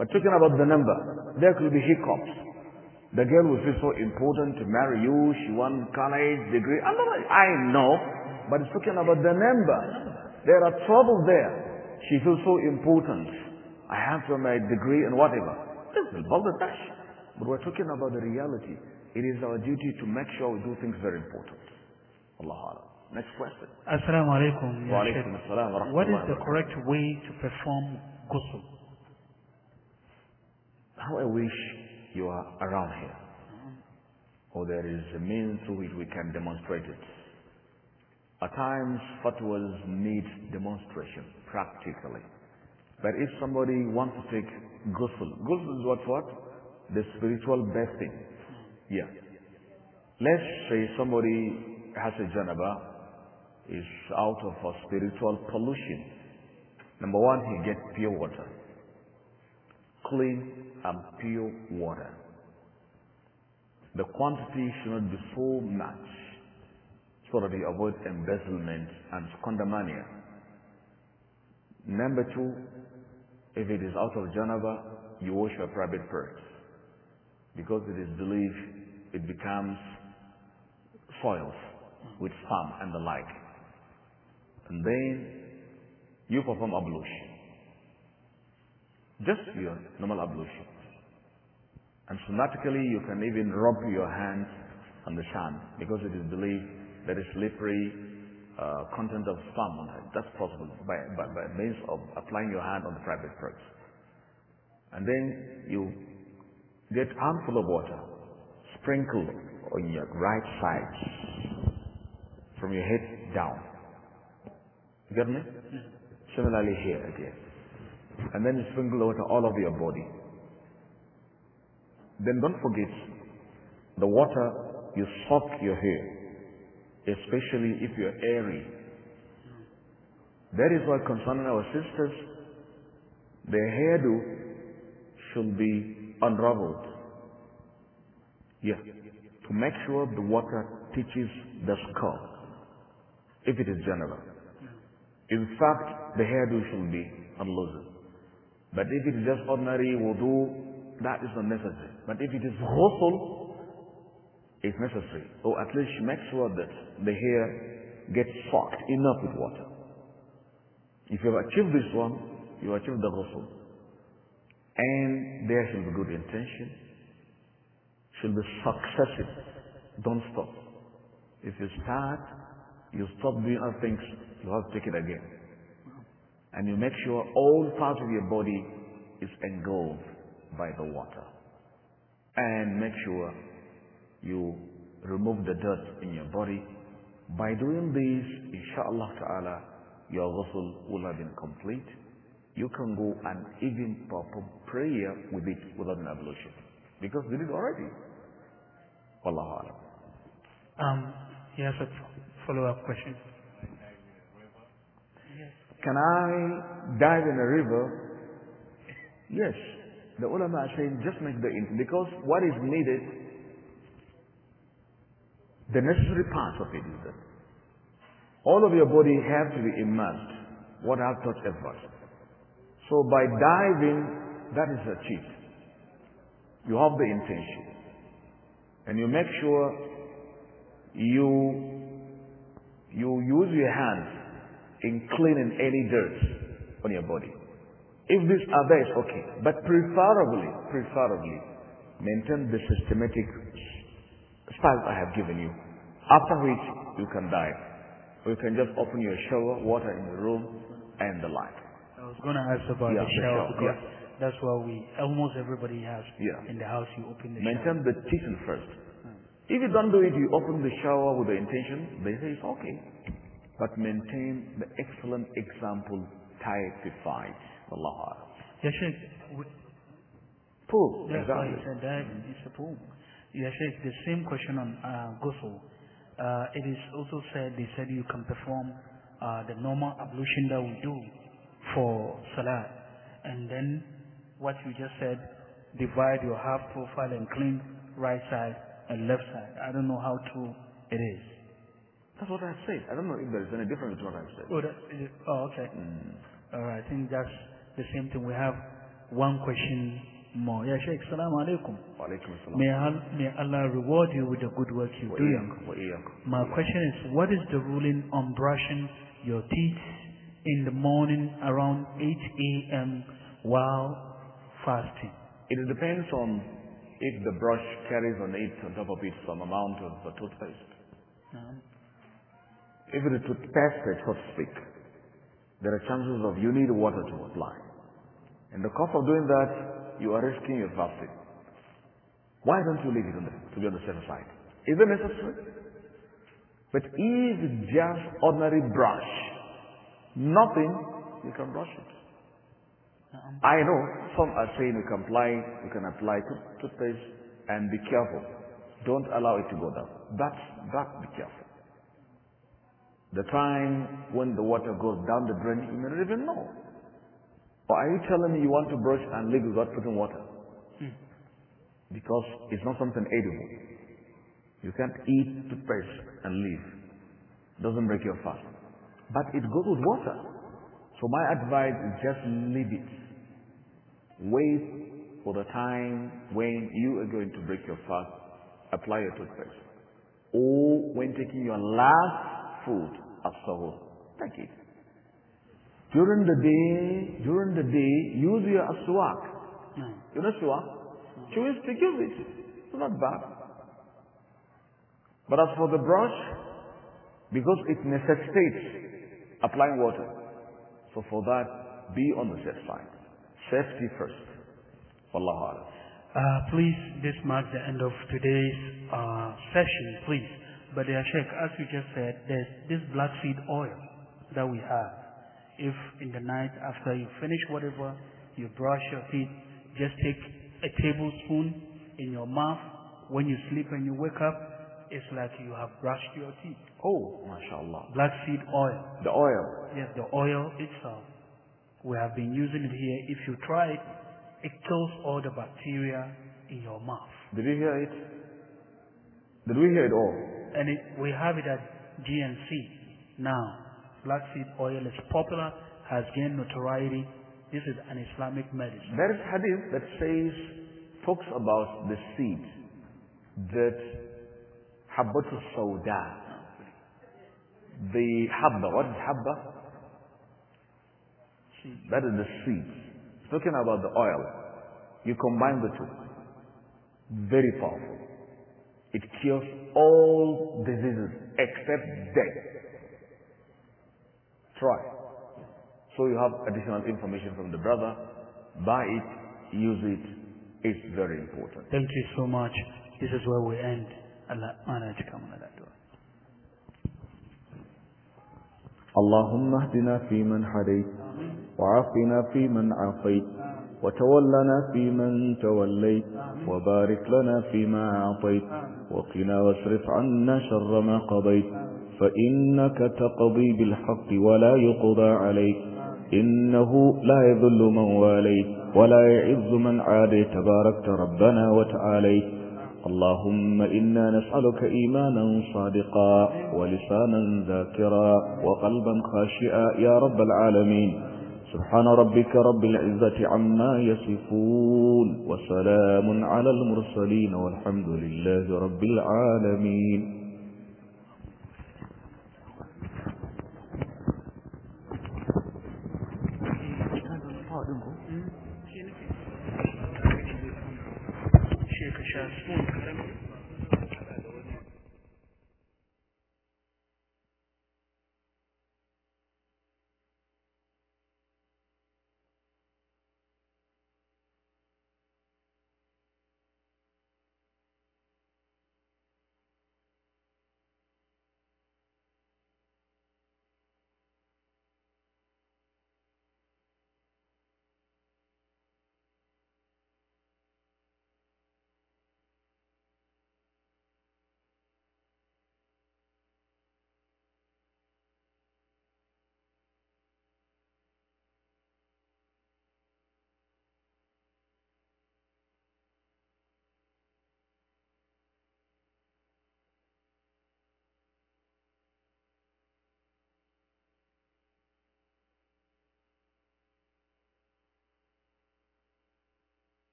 But talking about the number, there could be hiccups. The girl will feel so important to marry you, she won college degree. I'm not, I know, but it's talking about the number. There are troubles there. She feels so important. I have to my degree and whatever. Simple, balderdash. But we're talking about the reality. It is our duty to make sure we do things very important. Allah Next question. Assalamu alaikum. Wa alaikum assalam What is the correct way to perform ghusl? How I wish you are around here. Or there is a means through which we can demonstrate it. At times, fatwas need demonstration, practically. But if somebody wants to take Ghusl. Ghusl is what what? The spiritual bathing. Yeah. Let's say somebody has a janaba, is out of a spiritual pollution. Number one, he get pure water. Clean and pure water. The quantity should not be so much so that he avoid embezzlement and squandermania. Number two, if it is out of janaba, you wash your private parts. Because it is believed it becomes soils with sperm and the like. And then you perform ablution. Just your normal ablution. And somatically, you can even rub your hands on the sand because it is believed that is slippery uh, content of farm. That's possible by, by, by means of applying your hand on the private parts. And then you get armful of water, sprinkle on your right side from your head down. You get me? Similarly here again. And then you sprinkle water all over your body. Then don't forget the water you soak your hair especially if you're airy. That is why concerning our sisters, their hairdo should be unraveled. Yeah. To make sure the water touches the skull, if it is general. In fact, the hairdo should be unloosened. But if it is just ordinary wudu, that is not necessary. But if it is ghusl, if necessary, or at least make sure that the hair gets soaked enough with water. If you have achieved this one, you achieve achieved the ghusl. And there should be good intention, should be successive. Don't stop. If you start, you stop doing other things, you have to take it again. And you make sure all parts of your body is engulfed by the water. And make sure you remove the dirt in your body. By doing this, inshallah ta'ala, your ghusl will have been complete. You can go and even perform prayer with it without an ablution. Because you did already. Wallahu alam. Um, yes, a follow-up question. Can I dive in a river? Yes. The ulama are saying just make the int because what is needed the necessary part of it is that all of your body have to be immersed. What I've taught efforts? So by diving, that is achieved. You have the intention. And you make sure you, you use your hands in cleaning any dirt on your body. If these are there, it's okay. But preferably, preferably, maintain the systematic Spice I have given you, after which you can die. Or you can just open your shower, water in the room, and the like. I was going to ask about yeah, the, shower, the shower because yeah. that's what we, almost everybody has yeah. in the house, you open the Maintain shower. Maintain the kitchen first. Hmm. If you don't do it, you open the shower with the intention, they say it's okay. But maintain the excellent example typified. Allah. Yes, pool. That's exactly. why he said that. It's a pool. Yeah, Sheikh, the same question on uh, ghusl. Uh, it is also said, they said you can perform uh, the normal ablution that we do for salah. And then what you just said, divide your half profile and clean right side and left side. I don't know how true it is. That's what I said. I don't know if there's any difference between what I said. Oh, that, oh okay. Mm. All right. I think that's the same thing. We have one question more. alaikum. May, Al may Allah reward you with the good work you do. My question is, what is the ruling on brushing your teeth in the morning around 8 a.m. while fasting? It depends on if the brush carries on it, on top of it, some amount of the toothpaste. If it is toothpaste, so to speak, there are chances of you need water to apply. And the cost of doing that you are risking your fasting. Why don't you leave it on the, to be on the safer side? Is it necessary? But is it just ordinary brush? Nothing, you can brush it. Uh-uh. I know some are saying you can apply, you can apply toothpaste and be careful. Don't allow it to go down. That's that be careful. The time when the water goes down the drain, you may not even know. Or are you telling me you want to brush and lick without putting water? Hmm. Because it's not something edible. You can't eat toothpaste and leave. Doesn't break your fast. But it goes with water. So my advice is just leave it. Wait for the time when you are going to break your fast. Apply your toothpaste. Or when taking your last food as sahur. Take it. During the day, during the day, use your aswak. No. You know aswak? No. She wants to it. It's not bad. But as for the brush, because it necessitates applying water. So for that, be on the safe side. Safety first. Wallahu alam. Uh, please, this marks the end of today's uh, session, please. But uh, Sheikh, as you just said, there's this black seed oil that we have. If in the night after you finish whatever, you brush your teeth, just take a tablespoon in your mouth. When you sleep and you wake up, it's like you have brushed your teeth. Oh, mashallah. Black seed oil. The oil. Yes, the oil itself. We have been using it here. If you try it, it kills all the bacteria in your mouth. Did you hear it? Did we hear it all? And it, we have it at GNC now. Black seed oil is popular, has gained notoriety. This is an Islamic medicine. There is hadith that says, talks about the seed that habbatu sauda. The habba, what is habba? Seed. That is the seed. It's talking about the oil. You combine the two. Very powerful. It cures all diseases except death. Try. So you have additional information from the brother. Buy it, use it. It's very important. Thank you so much. This is where we end. Allah, honor to come tukamuna that door. اللهم اهدنا فيمن هديت وعافنا فيمن عافيت وتولنا فيمن توليت وبارك لنا فيما أعطيت وقنا واصرف عنا شر ما قضيت فإنك تقضي بالحق ولا يقضى عليك إنه لا يذل من والي ولا يعز من عادي تباركت ربنا وتعاليت اللهم إنا نسألك إيمانا صادقا ولسانا ذاكرا وقلبا خاشئا يا رب العالمين سبحان ربك رب العزة عما يصفون وسلام على المرسلين والحمد لله رب العالمين Sure, sure.